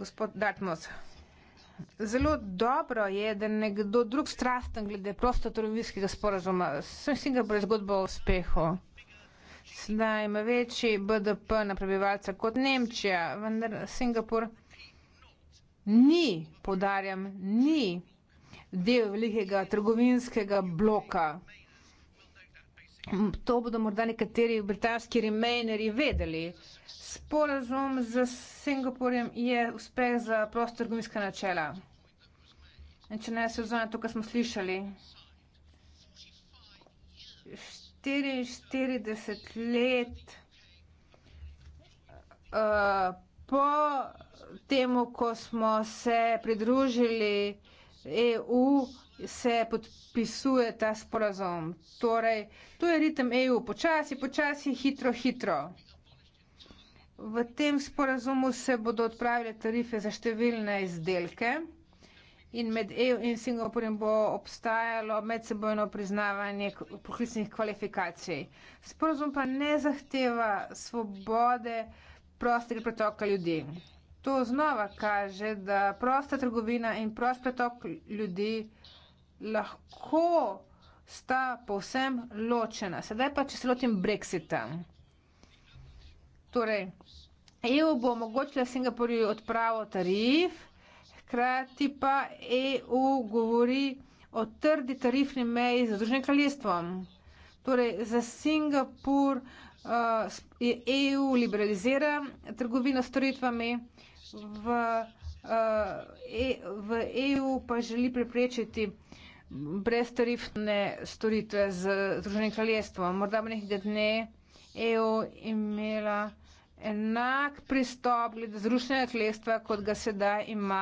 gospod Dartmos. Zelo dobro je, da nekdo drug strasten glede prostotrovinskega sporazuma. Sem Singapur je zgodba o uspehu. Sedaj ima večji BDP na prebivalca kot Nemčija, vendar Singapur ni, podarjam, ni del velikega trgovinskega bloka to bodo morda nekateri britanski remainerji vedeli. Sporazum z Singapurjem je uspeh za prostorgovinska načela. In če ne se vzame to, kar smo slišali. 44 let uh, po temu, ko smo se pridružili EU, se podpisuje ta sporazum. Torej, to je ritem EU, počasi, počasi, hitro, hitro. V tem sporazumu se bodo odpravile tarife za številne izdelke in med EU in Singapurjem bo obstajalo medsebojno priznavanje poklicnih kvalifikacij. Sporazum pa ne zahteva svobode prostega pretoka ljudi. To znova kaže, da prosta trgovina in prost pretok ljudi lahko sta povsem ločena. Sedaj pa, če se lotim Brexita. Torej, EU bo omogočila Singapurju odpravo tarif, hkrati pa EU govori o trdi tarifni meji z Združenim kraljestvom. Torej, za Singapur uh, eh, EU e liberalizira trgovino s storitvami, v, uh, e, v EU pa želi preprečiti uh, brezterifne storitve z Združenim kraljestvom. Morda bo nekaj dne EU imela enak pristop glede Združenega kraljestva, kot ga sedaj ima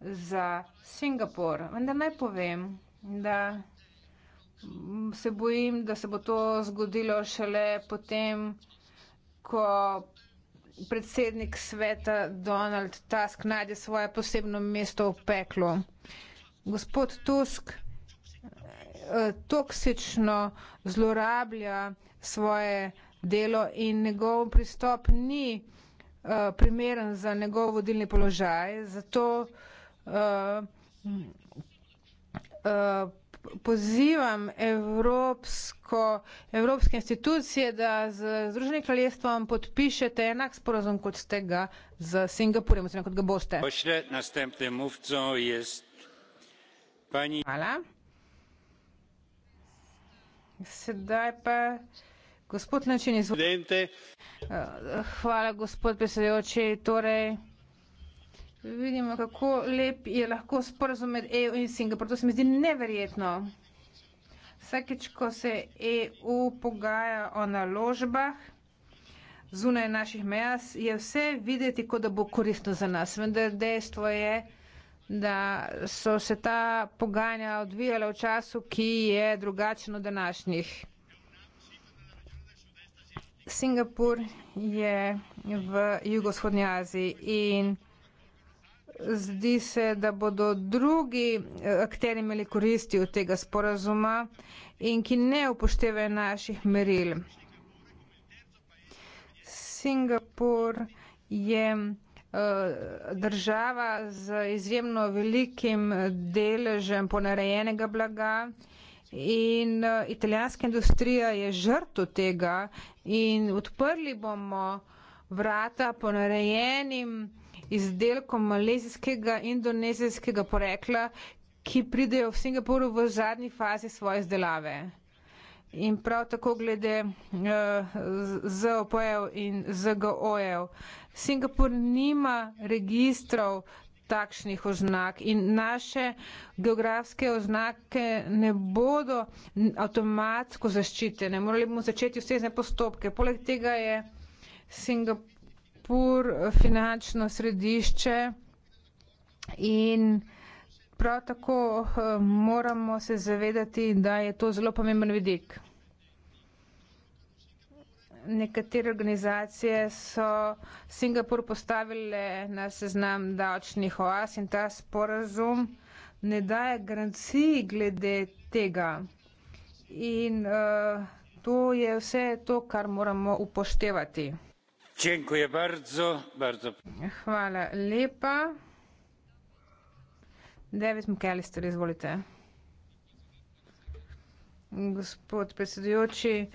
za Singapur. Vendar naj povem, da se bojim, da se bo to zgodilo šele potem, ko predsednik sveta Donald Tusk najde svoje posebno mesto v peklu. Gospod Tusk, Eh, toksično zlorablja svoje delo in njegov pristop ni eh, primeren za njegov vodilni položaj, zato eh, pozivam evropsko, evropske institucije, da z Združenim kraljestvom podpišete enak sporozum, kot ste ga z Singapurjem, oziroma kot ga boste. Hvala. Eh, hvala, gospod predsedujoči. Torej, vidimo, kako lep je lahko sporazum med EU in Singapur. To se mi zdi neverjetno. Vsakeč, ko se EU pogaja o naložbah zunaj naših meja, je vse videti, kot da bo koristno za nas. Vendar dejstvo je, da so se ta pogajanja odvijala v času, ki je drugačen od današnjih. Singapur je v jugovzhodnji Aziji in zdi se, da bodo drugi eh, akteri imeli koristi od tega sporazuma in ki ne upoštevajo naših meril. Singapur je država z izjemno velikim deležem ponarejenega blaga in italijanska industrija je žrtu tega in odprli bomo vrata ponarejenim izdelkom malezijskega, indonezijskega porekla, ki pridejo v Singapuru v zadnji fazi svoje izdelave. In prav tako glede uh, ZOP-ev in ZGO-ev. Uh, Singapur nima registrov takšnih oznak in naše geografske oznake ne bodo avtomatsko zaščitene. Morali bomo začeti ustrezne postopke. Poleg tega je Singapur finančno središče in prav tako eh, moramo se zavedati, da je to zelo pomemben vidik nekatere organizacije so Singapur postavile na seznam davčnih oas in ta sporazum ne daje garancij glede tega. In uh, to je vse to, kar moramo upoštevati. Bardzo, bardzo. Hvala lepa. David McAllister, izvolite. Gospod predsedujoči.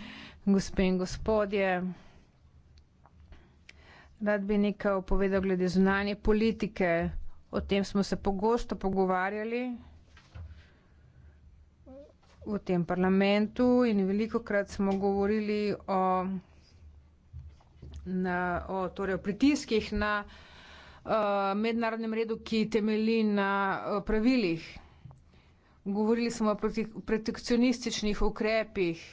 Gospe in gospodje, rad bi nekaj povedal glede zunanje politike. O tem smo se pogosto pogovarjali v tem parlamentu in veliko krat smo govorili o, na, o, torej o pritiskih na uh, mednarodnem redu, ki temeli na uh, pravilih. Govorili smo o protekcionističnih ukrepih.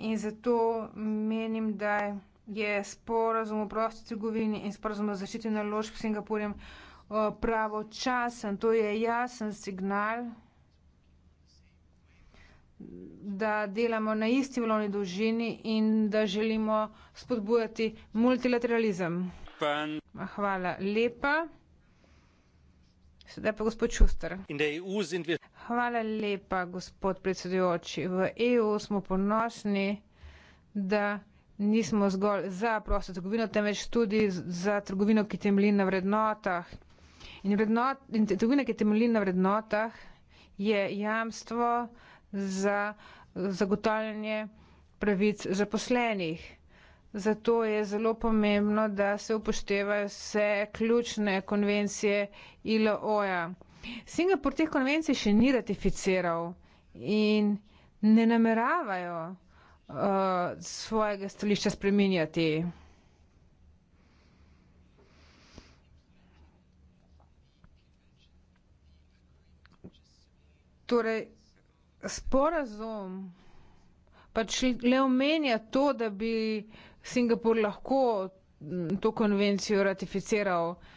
In zato menim, da je sporozum o prosti trgovini in sporozum o zaščiti naložb s Singapurjem eh, pravočasen. To je jasen signal, da delamo na isti valovni dolžini in da želimo spodbujati multilateralizem. Pan. Hvala lepa. Sedaj pa gospod Čuster. Hvala lepa, gospod predsedujoči. V EU smo ponosni, da nismo zgolj za prosto trgovino, temveč tudi za trgovino, ki temelji na vrednotah. In, vrednot, in trgovina, ki temelji na vrednotah, je jamstvo za zagotavljanje pravic zaposlenih. Zato je zelo pomembno, da se upoštevajo vse ključne konvencije ILO-ja. Singapur teh konvencij še ni ratificiral in ne nameravajo uh, svojega stališča spreminjati. Torej, sporazum pač le omenja to, da bi Singapur lahko mm, to konvencijo ratificiral. Uh,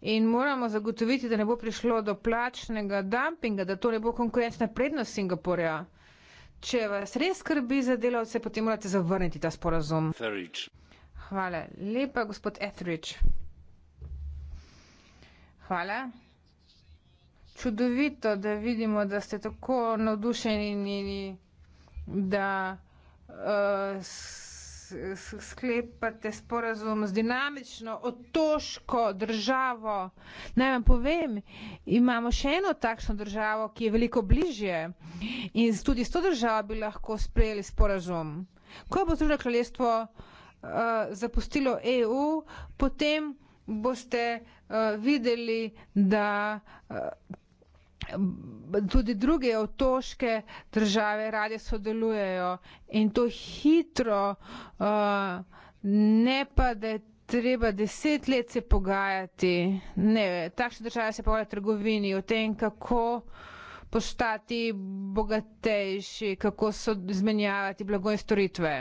in moramo zagotoviti, da ne bo prišlo do plačnega dumpinga, da to ne bo konkurenčna prednost Singapurja. Če vas res skrbi za delavce, potem morate zavrniti ta sporazum. Etheridge. Hvala lepa, gospod Etheridge. Hvala. Čudovito, da vidimo, da ste tako navdušeni, da uh, sklepate sporazum z dinamično otoško državo. Naj vam povem, imamo še eno takšno državo, ki je veliko bližje in tudi s to državo bi lahko sprejeli sporazum. Ko bo Združeno kraljestvo uh, zapustilo EU, potem boste uh, videli, da uh, tudi druge otoške države rade sodelujejo in to hitro, eh, ne pa da je treba deset let se pogajati. Ne, takšne države se pogajajo o trgovini, o tem, kako postati bogatejši, kako so izmenjavati blago in storitve.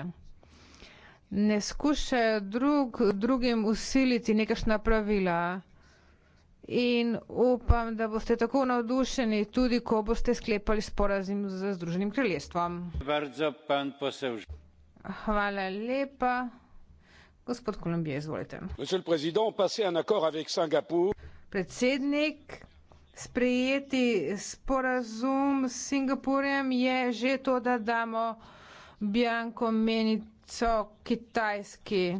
Ne skušajo drug, drugim usiliti nekašna pravila in upam, da boste tako navdušeni, tudi ko boste sklepali sporazum z Združenim kraljestvom. Hvala lepa. Gospod Kolumbije, izvolite. Predsednik, sprejeti sporazum s Singapurjem je že to, da damo bianko menico kitajski.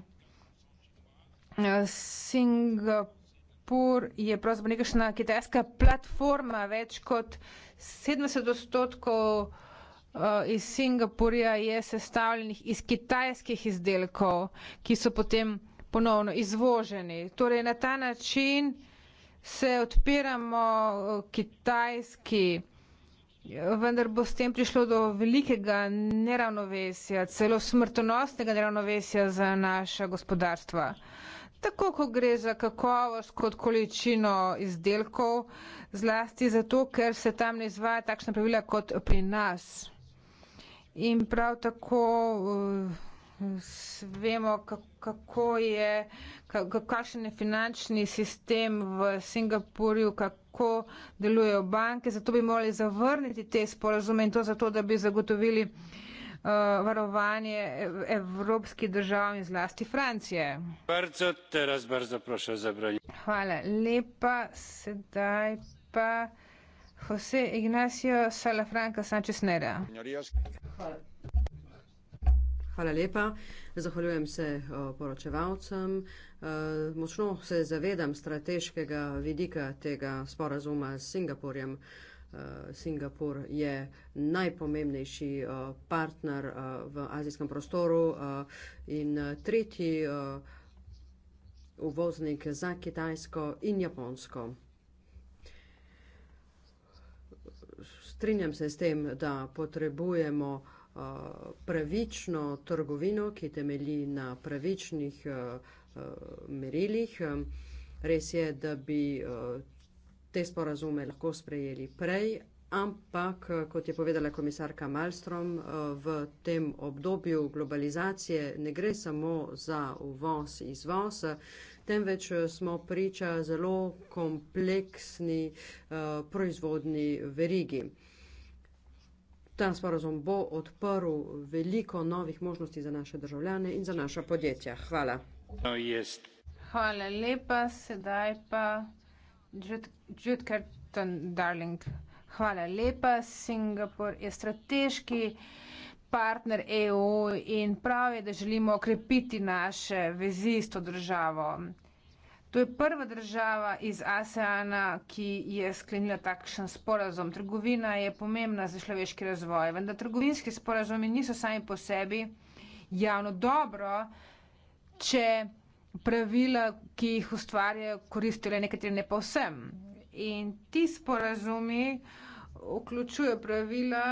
Singapur. Singapur je pravzaprav nekakšna kitajska platforma, več kot 70 odstotkov uh, iz Singapurja je sestavljenih iz kitajskih izdelkov, ki so potem ponovno izvoženi. Torej na ta način se odpiramo eh, kitajski, eh, vendar bo s tem prišlo do velikega neravnovesja, celo smrtonosnega neravnovesja za naša gospodarstva. Uh, Tako, ko gre za kakovost kot količino izdelkov, zlasti zato, ker se tam ne izvaja takšna pravila kot pri nas. In prav tako eh, vemo, kako je, kakšen je finančni sistem v Singapurju, kako delujejo banke, zato bi morali zavrniti te sporazume in to zato, da bi zagotovili uh, varovanje evropskih držav in zlasti Francije. Brzo, teraz brzo prošel za branje. Hvala lepa, sedaj pa Jose Ignacio Salafranca Sanchez Nera. Hvala lepa, zahvaljujem se eh, poročevalcem. Eh, močno se zavedam strateškega vidika tega sporazuma s Singapurjem. Eh, Singapur je najpomembnejši eh, partner eh, v azijskem prostoru in tretji uvoznik za Kitajsko in Japonsko. Strinjam se s tem, da potrebujemo pravično trgovino, ki temelji na pravičnih merilih. Res je, da bi te sporazume lahko sprejeli prej, ampak, eh, kot je povedala komisarka Malmström, eh, v tem obdobju globalizacije ne gre samo za uvoz in izvoz, temveč eh, smo priča zelo kompleksni proizvodni verigi. Ta sporazum bo odprl veliko novih možnosti za naše državljane in za naša podjetja. Hvala. No, Hvala lepa, sedaj pa Judkerton, darling. Hvala lepa. Singapur je strateški partner EU in prav je, da želimo okrepiti naše vezi s to državo. To je prva država iz ASEANA, ki je sklenila takšen sporazum. Trgovina je pomembna za človeški razvoj, vendar trgovinski sporazumi niso sami po sebi javno dobro, če pravila, ki jih ustvarjajo, koristile nekateri ne povsem. In ti sporazumi vključujo pravila,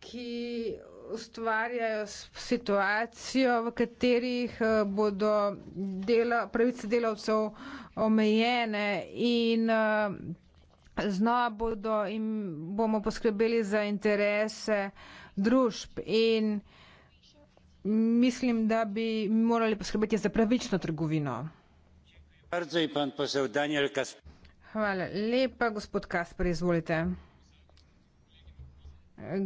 ki ustvarjajo situacijo, v katerih eh, bodo delo, pravice delavcev omejene in eh, znova bodo in bomo poskrbeli za interese družb. In mislim da bi morali poskrbeti za pravično trgovino. Hvala lepa, gospod Kaspar, izvolite.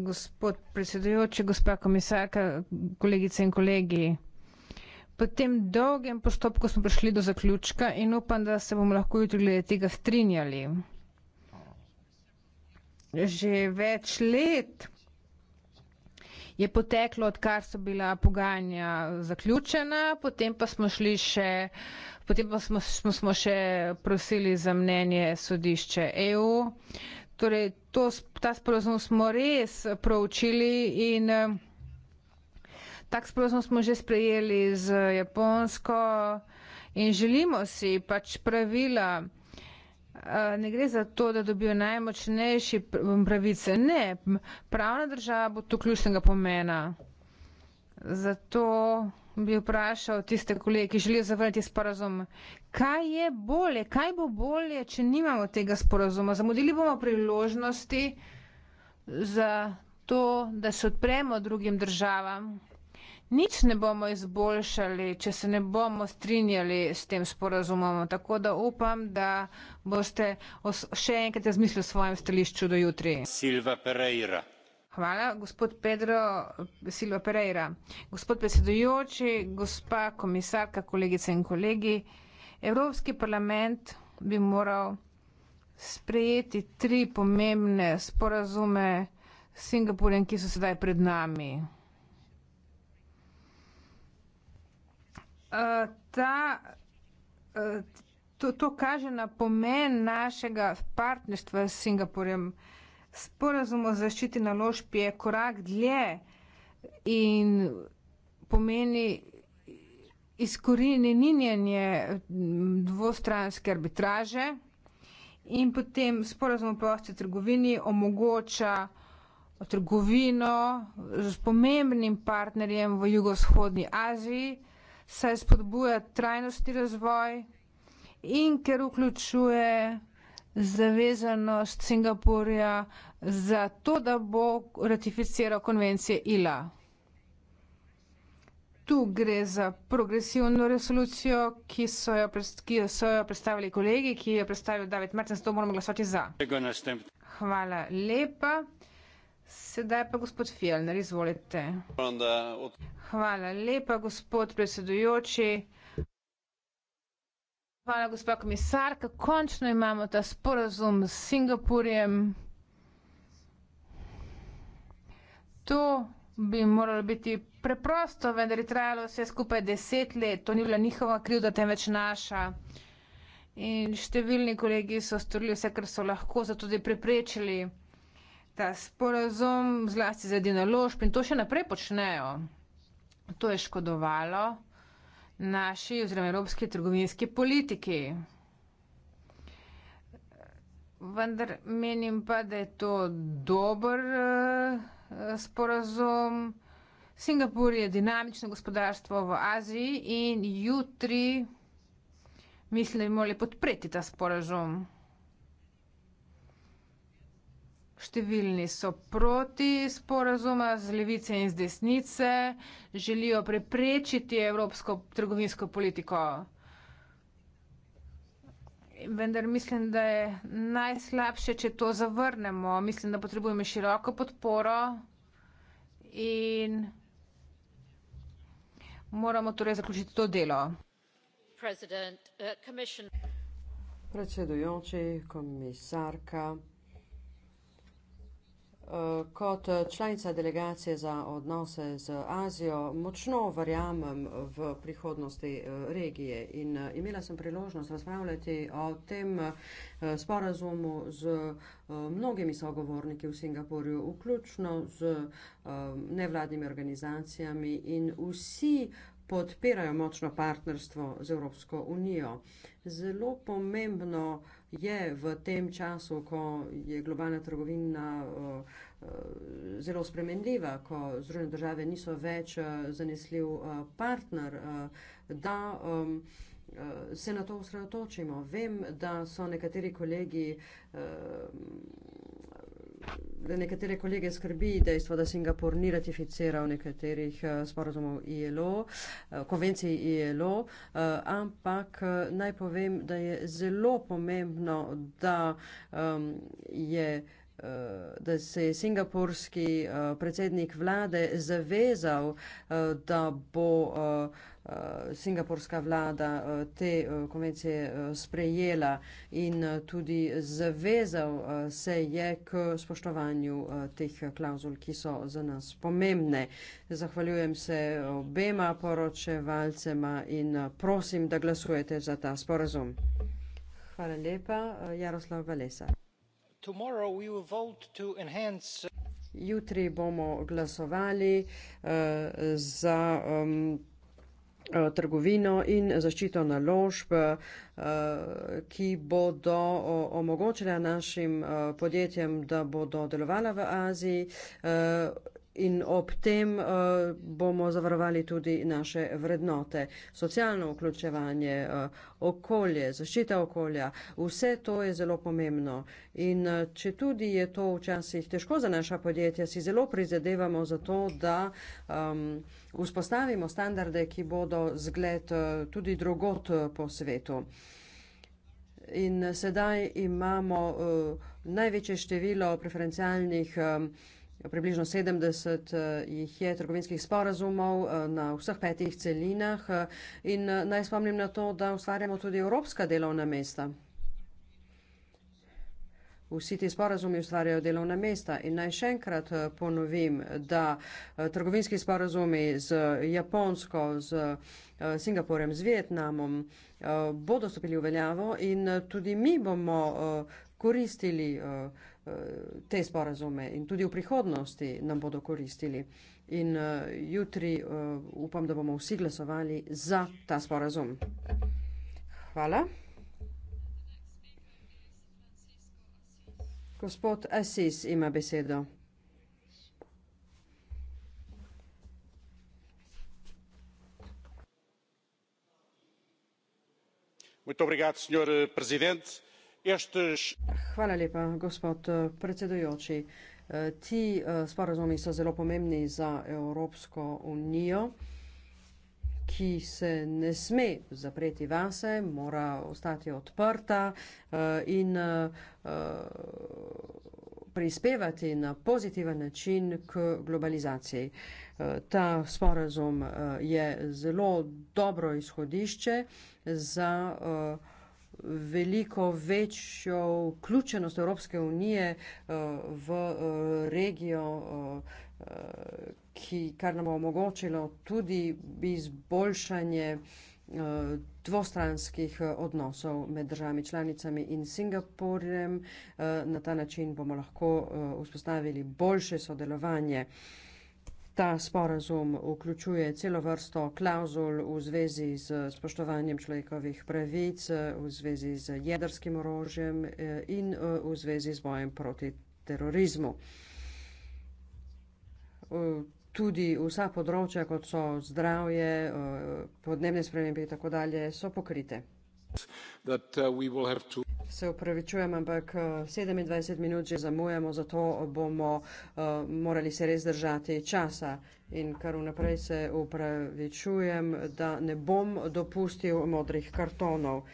Gospod predsedujoči, gospa komisarka, kolegice in kolegi. Po tem dolgem postopku smo prišli do zaključka in upam, da se bomo lahko jutri glede tega strinjali. Že več let je poteklo, odkar so bila pogajanja zaključena, potem pa smo šli še. Potem pa smo, smo, smo še prosili za mnenje sodišče EU. Torej, to, ta sporozum smo res proučili in eh, tak sporozum smo že sprejeli z Japonsko in želimo si pač pravila ne gre za to, da dobijo najmočnejši pravice. Ne, pravna država bo tu ključnega pomena. Zato bi vprašal tiste kolege, ki želijo zavrniti sporazum, kaj je bolje, kaj bo bolje, če nimamo tega sporazuma. Zamudili bomo priložnosti za to, da se odpremo drugim državam nič ne bomo izboljšali, če se ne bomo strinjali s tem sporazumom. Tako da upam, da boste še enkrat razmislili o svojem stališču do jutri. Silva Pereira. Hvala, gospod Pedro Silva Pereira. Gospod predsedujoči, gospa komisarka, kolegice in kolegi, Evropski parlament bi moral sprejeti tri pomembne sporazume s Singapurjem, ki so sedaj pred nami. Eh, ta, eh, to, to kaže na pomen našega partnerstva s Singapurjem. Sporazum o zaščiti naložb je korak dlje in pomeni izkorineninjenje dvostranske arbitraže in potem sporazum o prosti trgovini omogoča trgovino s pomembnim partnerjem v jugovzhodni Aziji saj spodbuja trajnostni razvoj in ker vključuje zavezanost Singapurja za to, da bo ratificiral konvencije ILA. Tu gre za progresivno resolucijo, ki so jo, ki so jo predstavili kolegi, ki jo je predstavil David Martin, zato moramo glasovati za. Hvala lepa. Sedaj pa gospod Fjellner, izvolite. Hvala lepa, gospod predsedujoči. Hvala, gospod komisarka. Končno imamo ta sporazum s Singapurjem. To bi moralo biti preprosto, vendar je trajalo vse skupaj deset let. To ni bila njihova krivda, temveč naša. In številni kolegi so storili vse, kar so lahko, zato tudi preprečili ta sporazum, zlasti za dinaložb in to še naprej počnejo. To je škodovalo naši oziroma evropski trgovinski politiki. Vendar menim pa, da je to dober uh, sporazum. Singapur je dinamično gospodarstvo v Aziji in jutri mislim, da bi morali podpreti ta sporazum. Številni so proti sporazuma z levice in z desnice, želijo preprečiti evropsko trgovinsko politiko. Vendar mislim, da je najslabše, če to zavrnemo. Mislim, da potrebujemo široko podporo in moramo torej zaključiti to delo. Uh, Predsedujoči, komisarka. Kot članica delegacije za odnose z Azijo močno verjamem v prihodnosti eh, regije in eh, imela sem priložnost razpravljati o tem eh, sporazumu z mnogimi sogovorniki v Singapurju, vključno z nevladnimi organizacijami in vsi podpirajo močno partnerstvo z Evropsko unijo. Zelo pomembno je v tem času, ko je globalna trgovina eh, eh, zelo spremenljiva, ko Združene države niso več eh, zanesljiv partner, da se na to usredotočimo. Vem, da so nekateri kolegi da nekatere kolege skrbi dejstvo, da Singapur ni ratificiral nekaterih eh, sporozumov ILO, eh, konvencij ILO, eh, ampak naj povem, da je zelo pomembno, da ehm, je. Eh, da se je singapurski eh, predsednik vlade zavezal, eh, da bo singapurska vlada te konvencije sprejela in tudi zavezal se je k spoštovanju teh klauzul, ki so za nas pomembne. Zahvaljujem se obema poročevalcema in prosim, da glasujete za ta sporazum. Hvala lepa, Jaroslav Valesar. Uh, Jutri bomo glasovali uh, za. Um, uh, trgovino in zaščito naložb, uh, ki bodo omogočile našim podjetjem, da bodo delovala v Aziji in ob tem uh, bomo zavarovali tudi naše vrednote. Socialno vključevanje, uh, okolje, zaščita okolja, vse to je zelo pomembno. In uh, če tudi je to včasih težko za naša podjetja, si zelo prizadevamo za to, da um, vzpostavimo standarde, ki bodo zgled uh, tudi drugot po svetu. In sedaj imamo uh, največje število preferencialnih um, Ja, približno 70 eh, jih je trgovinskih sporazumov eh, na vseh petih celinah eh, in naj spomnim na to, da ustvarjamo tudi evropska delovna mesta. Vsi ti sporazumi ustvarjajo delovna mesta in naj še enkrat ponovim, da trgovinski sporazumi z Japonsko, z Singapurjem, z Vietnamom bodo stopili v veljavo in tudi mi bomo koristili Eh, te sporazume in tudi v prihodnosti nam bodo koristili. In uh, jutri uh, upam, da bomo vsi glasovali za ta sporazum. Hvala. Gospod Assis ima besedo. Muito obrigado, Sr. Presidente. Hvala lepa, gospod predsedujoči. Eh, ti eh, sporazumi so zelo pomembni za Evropsko unijo, ki se ne sme zapreti vase, mora ostati odprta eh, in prispevati na pozitiven način k globalizaciji. Ta sporazum je zelo dobro izhodišče za veliko večjo vključenost Evropske unije eh, v eh, regijo, eh, ki, kar nam bo omogočilo tudi izboljšanje dvostranskih odnosov med državami članicami in Singapurjem. Na ta način bomo lahko vzpostavili boljše sodelovanje. Ta sporazum vključuje celo vrsto klauzul v zvezi z spoštovanjem človekovih pravic, v zvezi z jedrskim orožjem eh, in eh, v zvezi z bojem proti terorizmu. Eh, tudi vsa področja, kot so zdravje, podnebne spremembe in tako dalje, so pokrite. That, uh, Se upravičujem, ampak 27 eh, minut že zamujamo, zato bomo uh, morali se res držati časa. In kar vnaprej se upravičujem, da ne bom dopustil modrih kartonov.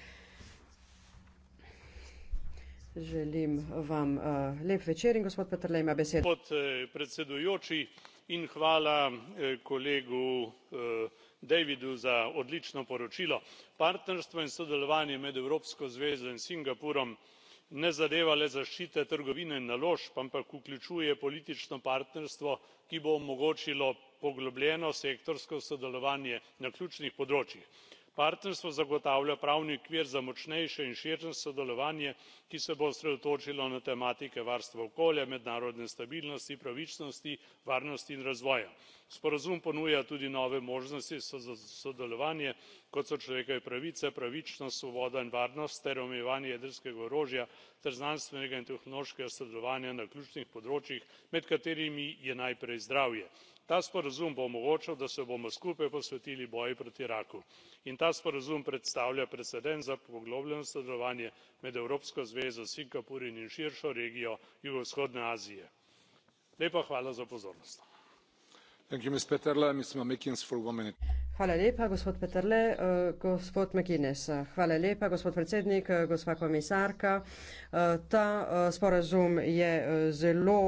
Želim vam uh, lep večer in gospod Petrle ima besedo. Gospod predsedujoči in hvala kolegu. Uh, davidu za odlično poročilo. partnerstvo in sodelovanje med evropsko zvezo in singapurjem ne zadeva le zaščite trgovine in naložb ampak vključuje politično partnerstvo ki bo omogočilo poglobljeno sektorsko sodelovanje na ključnih področjih partnerstvo zagotavlja pravni okvir za močnejše in širše sodelovanje ki se bo osredotočilo na tematike varstva okolja mednarodne stabilnosti pravičnosti varnosti in razvoja. sporazum ponuja tudi nove možnosti za sodelovanje kot so človekove pravice pravičnost svoboda in varnost ter omejevanje jedrskega orožja ter znanstvenega in tehnološkega sodelovanja na ključnih področjih med katerimi je najprej zdravje ta sporazum bo omogočal da se bomo skupaj posvetili boju proti raku in ta sporazum predstavlja precedens za poglobljeno sodelovanje med evropsko zvezo singapurjem in širšo regijo jugovzhodne azije. lepa hvala za pozornost. Hvala lepa, gospod Petrle, eh, gospod McGuinness. Eh, hvala lepa, gospod predsednik, eh, gospa komisarka. Ta sporazum je zelo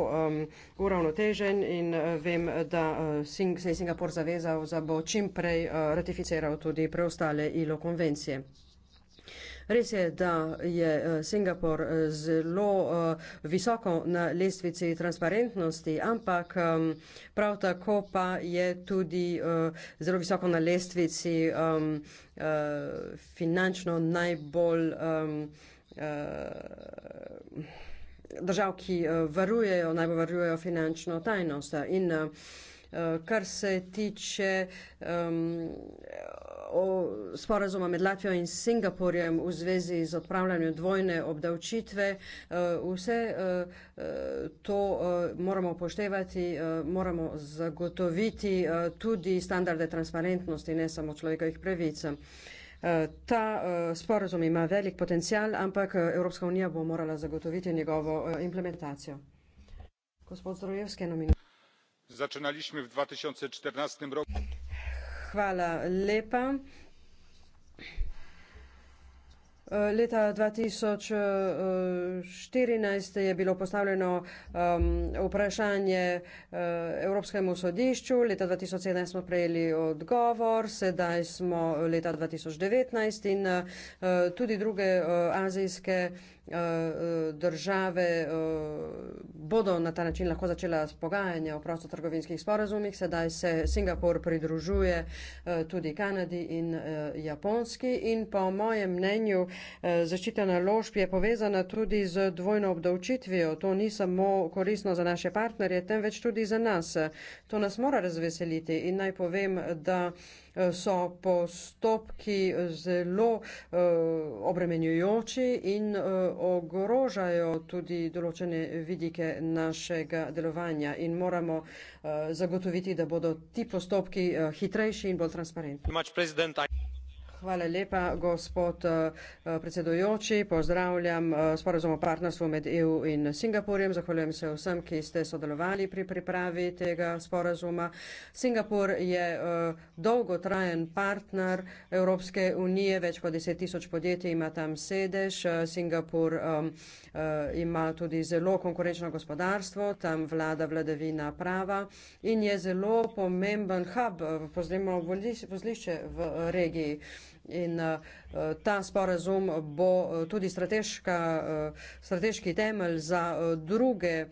uravnotežen in vem, da se je Singapur zavezal, da bo čim prej ratificiral tudi preostale ILO konvencije. Res je, da je eh, Singapur eh, zelo eh, visoko na lestvici transparentnosti, ampak prav tako pa je tudi zelo visoko na lestvici finančno najbolj držav, ki varujejo, najbolj varujejo finančno tajnost. In kar se tiče sporazuma med Latvijo in Singapurjem v zvezi z odpravljanjem dvojne obdavčitve. Eh, vse eh, eh, to moramo poštevati, moramo zagotoviti tudi standarde transparentnosti, ne samo človekovih pravic. Ta sporazum ima velik potencial, ampak Evropska unija bo morala zagotoviti njegovo implementacijo. Gospod Zdrojevski, nominiran. Zaczynaliśmy w 2014 roku hvala lepa. Leta 2014 je bilo postavljeno um, vprašanje uh, Evropskemu sodišču, leta 2017 smo prejeli odgovor, sedaj smo leta 2019 in uh, tudi druge uh, azijske uh, Eh, eh, države eh, bodo na ta način lahko začela s pogajanja o prostotrgovinskih sporazumih. Sedaj se Singapur pridružuje tudi Kanadi in Japonski in po mojem mnenju zaščita naložb je povezana tudi z dvojno obdavčitvijo. To ni samo korisno za naše partnerje, temveč tudi za nas. To nas mora razveseliti in naj povem, da Eh, so postopki eh, zelo eh, obremenjujoči in ogrožajo tudi določene vidike našega delovanja in moramo zagotoviti, da bodo ti postopki hitrejši in bolj transparentni. Hvala lepa, gospod eh, predsedujoči. Pozdravljam eh, sporozum o partnerstvu med EU in Singapurjem. Zahvaljujem se vsem, ki ste sodelovali pri pripravi tega sporozuma. Singapur je eh, dolgotrajen partner Evropske unije, več kot deset tisoč podjetij ima tam sedež. Singapur ima tudi zelo konkurenčno gospodarstvo, tam vlada vladavina prava in je zelo pomemben hub, pozdravimo vozlišče v regiji. Thank you. In eh, ta sporazum bo eh, tudi eh, strateški temelj za druge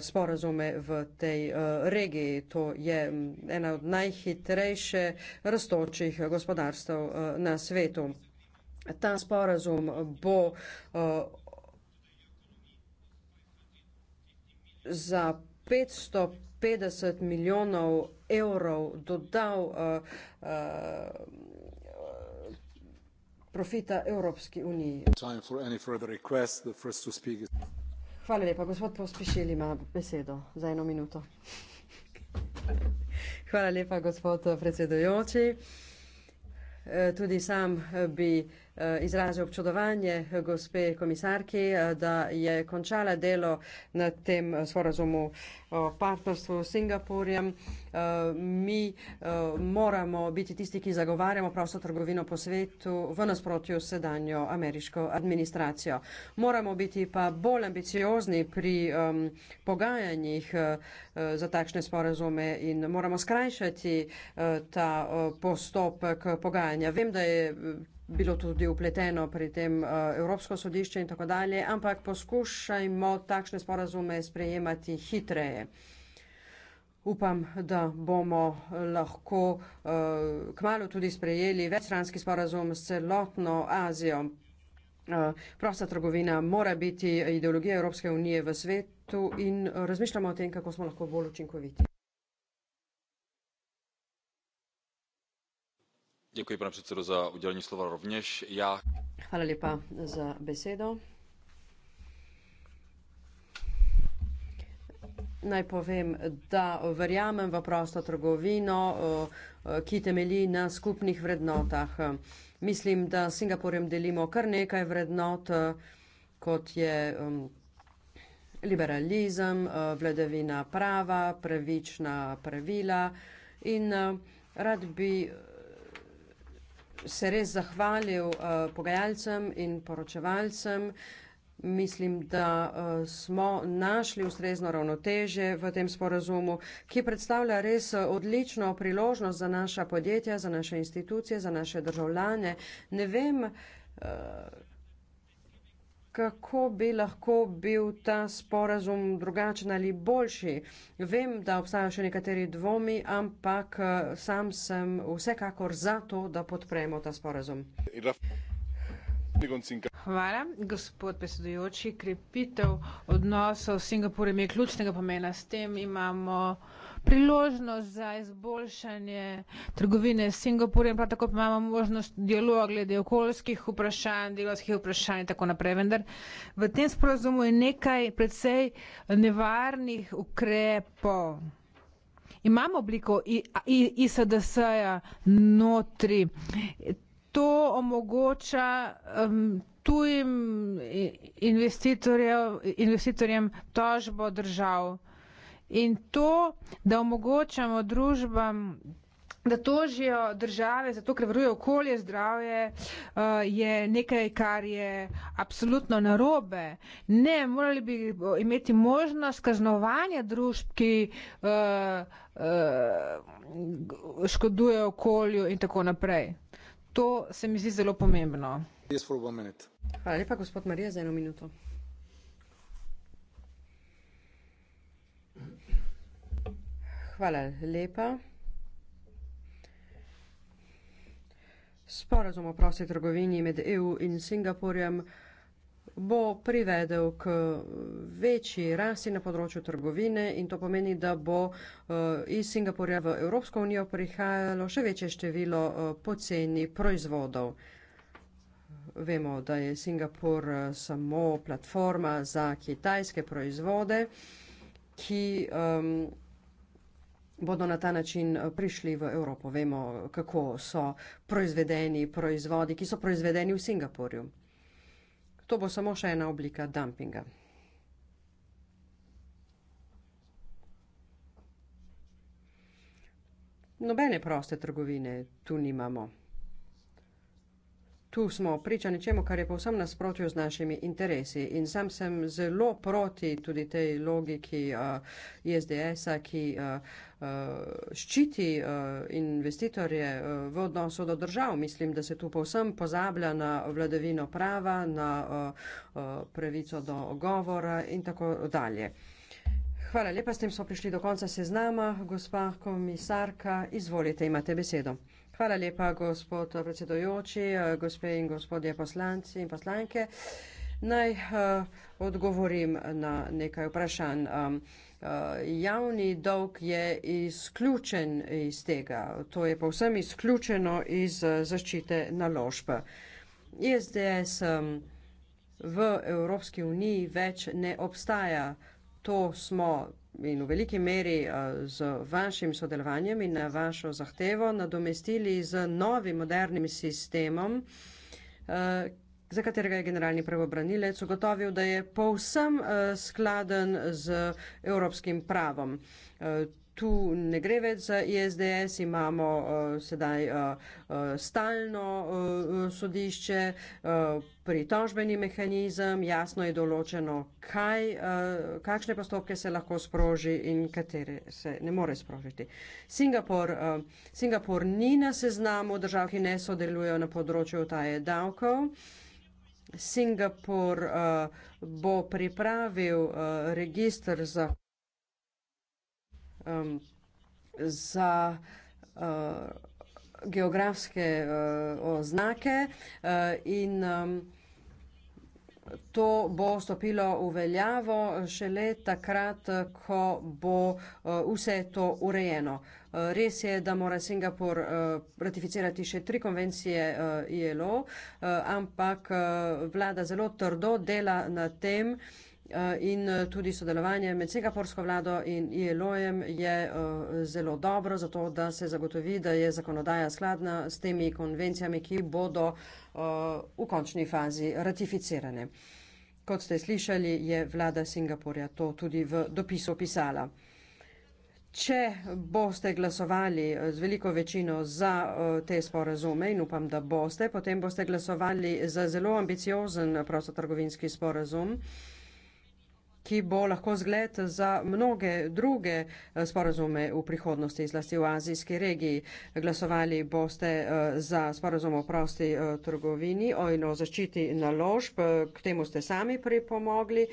sporazume v tej regiji. To je mm, ena od najhitrejše rastočih gospodarstv na svetu. Ta sporazum bo za 550 milijonov evrov dodal uh, uh, profita Evropski uniji. Hvala lepa, gospod Pospešil ima besedo za eno minuto. Hvala lepa, gospod predsedujoči. Eh, tudi sam eh, bi Eh, izrazil občudovanje gospe komisarki, eh, da je končala delo na tem eh, sporazumu o partnerstvu s Singapurjem. Mi moramo biti tisti, ki zagovarjamo prosto trgovino po svetu v nasprotju s sedanjo ameriško administracijo. Moramo biti pa bolj ambiciozni pri um, pogajanjih uh, za takšne sporazume in moramo skrajšati uh, ta uh, postopek pogajanja. Vem, da je bilo tudi upleteno pri tem eh, Evropsko sodišče in tako dalje, ampak poskušajmo takšne sporazume sprejemati hitreje. Upam, da bomo lahko uh, eh, kmalo tudi sprejeli večstranski sporazum s celotno Azijo. Uh, prosta trgovina mora biti ideologija Evropske unije v svetu in razmišljamo o tem, kako smo lahko bolj učinkoviti. Děkuji, pane předsedo, za udělení slova rovněž. Já... Hvala lepa za besedo. Naj povem, da verjamem v prosto trgovino, ki temelji na skupnih vrednotah. Mislim, da s Singapurjem delimo kar nekaj vrednot, kot je um, liberalizem, vladavina prava, pravična pravila in rad bi se res zahvalil uh, pogajalcem in poročevalcem. Mislim, da uh, smo našli ustrezno ravnoteže v tem sporazumu, ki predstavlja res eh, odlično priložnost za naša podjetja, za naše institucije, za naše državljane. Ne vem, uh, kako bi lahko bil ta sporazum drugačen ali boljši. Vem, da obstajajo še nekateri dvomi, ampak eh, sam sem vsekakor za to, da podpremo ta sporazum. Hvala, gospod predsedujoči. Krepitev odnosov s Singapurjem je ključnega pomena. S tem imamo priložnost za izboljšanje trgovine s Singapurjem, prav tako pa imamo možnost dialoga glede okoljskih vprašanj, delovskih vprašanj in tako naprej. Vendar v tem sporozumu je nekaj predvsej nevarnih ukrepov. Imamo obliko ISDS-ja notri. To omogoča um, tujim investitorjem tožbo držav in to, da omogočamo družbam, da tožijo države, zato ker varuje okolje, zdravje, uh, je nekaj, kar je absolutno narobe. Ne, morali bi imeti možnost kaznovanja družb, ki uh, uh, škodujejo okolju in tako naprej. To se mi zdi zelo pomembno. Hvala lepa, gospod Marija, za eno minuto. Hvala lepa. Sporazum o prosti trgovini med EU in Singapurjem bo privedel k večji rasti na področju trgovine in to pomeni, da bo eh, iz Singapurja v Evropsko unijo prihajalo še večje število eh, poceni proizvodov. Vemo, da je Singapur eh, samo platforma za kitajske proizvode, ki. Um, bodo na ta način eh, prišli v Evropo. Vemo, kako so proizvedeni proizvodi, ki so proizvedeni v Singapurju. To bo samo še ena oblika dumpinga. Nobene proste trgovine tu nimamo tu smo priča nečemu, kar je povsem nasprotju z našimi interesi. In sam sem zelo proti tudi tej logiki uh, ISDS-a, ki uh, uh, ščiti uh, investitorje uh, v odnosu do držav. Mislim, da se tu povsem pozablja na vladavino prava, na uh, uh, pravico do govora in tako dalje. Hvala lepa, s tem smo prišli do konca seznama. Gospa komisarka, izvolite, imate besedo. Hvala lepa, gospod predsedojoči, eh, gospe in gospodje poslanci in poslanke. Naj uh, odgovorim na nekaj vprašanj. Um, uh, javni dolg je izključen iz tega, to je povsem izključeno iz uh, zaščite naložb. SDS um, v Evropski uniji več ne obstaja. To smo in v veliki meri eh, z vašim sodelovanjem in na vašo zahtevo nadomestili z novim modernim sistemom, eh, za katerega je generalni pravobranilec ugotovil, da je povsem eh, skladen z evropskim pravom tu ne gre več za ISDS, imamo uh, sedaj uh, uh, stalno uh, sodišče, uh, pritožbeni mehanizem, jasno je določeno, kaj, uh, kakšne postopke se lahko sproži in katere se ne more sprožiti. Singapur, uh, Singapur ni na seznamu držav, ki ne sodelujo na področju taje davkov. Singapur uh, bo pripravil uh, registr za um, za uh, geografske uh, oznake uh, in um, To bo stopilo v veljavo šele takrat, ko bo vse to urejeno. Res je, da mora Singapur ratificirati še tri konvencije ILO, ampak vlada zelo trdo dela na tem, Eh, in eh, tudi sodelovanje med Singapursko vlado in ILO-jem je eh, zelo dobro, zato da se zagotovi, da je zakonodaja skladna s temi konvencijami, ki bodo v končni fazi ratificirane. Kot ste slišali, je vlada Singapurja to tudi v dopisu pisala. Če boste glasovali z veliko večino za te sporazume in upam, da boste, potem boste glasovali za zelo ambiciozen prostotrgovinski sporazum ki bo lahko zgled za mnoge druge eh, sporozume v prihodnosti, zlasti v azijski regiji. Glasovali boste eh, za sporozum o prosti eh, trgovini, o eno zaščiti naložb, k temu ste sami pripomogli.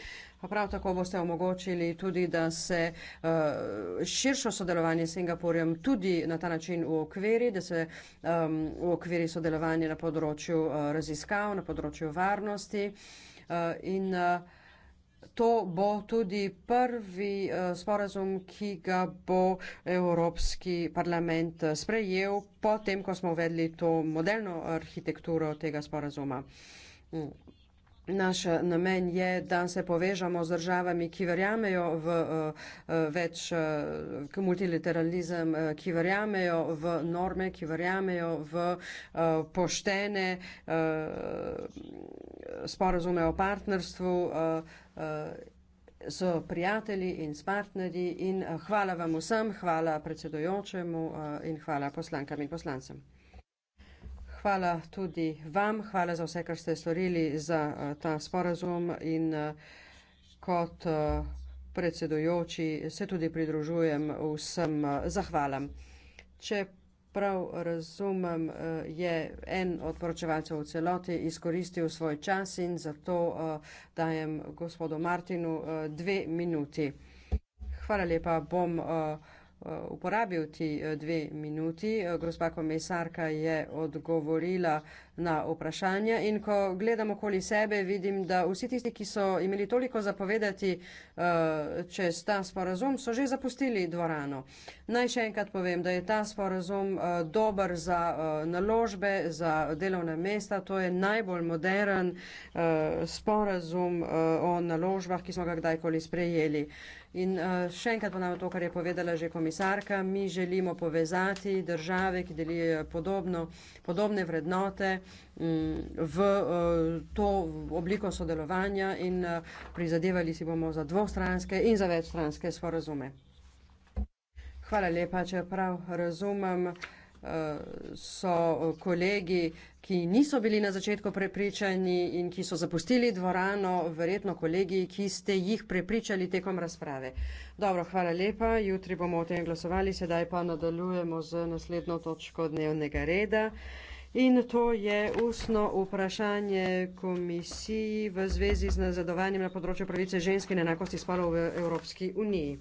Pa prav tako boste omogočili tudi, da se širšo sodelovanje s Singapurjem tudi na ta način v okviri, da se v ehm, okviri sodelovanje na področju raziskav, na področju varnosti in. Uh, to bo tudi prvi eh, sporazum, ki ga bo Evropski parlament eh, sprejel, potem ko smo uvedli to modelno arhitekturo tega sporazuma. Mm. Naš eh, namen je, da se povežamo z državami, ki verjamejo v eh, eh, več multilateralizem, ki verjamejo v norme, ki verjamejo v poštene sporazume o partnerstvu s prijatelji in s partnerji. In hvala vam vsem, hvala predsedojočemu in hvala poslankam in poslancem. Hvala tudi vam, hvala za vse, kar ste storili za eh, ta sporazum in eh, kot eh, predsedujoči se tudi pridružujem vsem zahvalam. Če prav razumem, je en od poročevalcev v celoti izkoristil svoj čas in zato dajem gospodu Martinu dve minuti. Hvala lepa, bom. Eh, uporabil ti eh, dve minuti. Eh, gospa komisarka je odgovorila na vprašanja in ko gledam okoli sebe, vidim, da vsi tisti, ki so imeli toliko zapovedati čez ta sporazum, so že zapustili dvorano. Naj še enkrat povem, da je ta sporazum dober za naložbe, za delovna mesta. To je najbolj moderen sporazum o naložbah, ki smo ga kdajkoli sprejeli. In uh, še enkrat ponavljam to, kar je povedala že komisarka, mi želimo povezati države, ki delijo podobno, podobne vrednote um, v uh, to obliko sodelovanja in uh, prizadevali si bomo za dvostranske in za večstranske sporozume. Hvala lepa, čeprav razumem. Uh, so eh, kolegi, ki niso bili na začetku prepričani in ki so zapustili dvorano, verjetno kolegi, ki ste jih prepričali tekom razprave. Dobro, hvala lepa. Jutri bomo o tem glasovali, sedaj pa nadaljujemo z naslednjo točko dnevnega reda. In to je ustno vprašanje komisiji v zvezi z nazadovanjem na področju pravice ženske in enakosti spolov v Evropski uniji.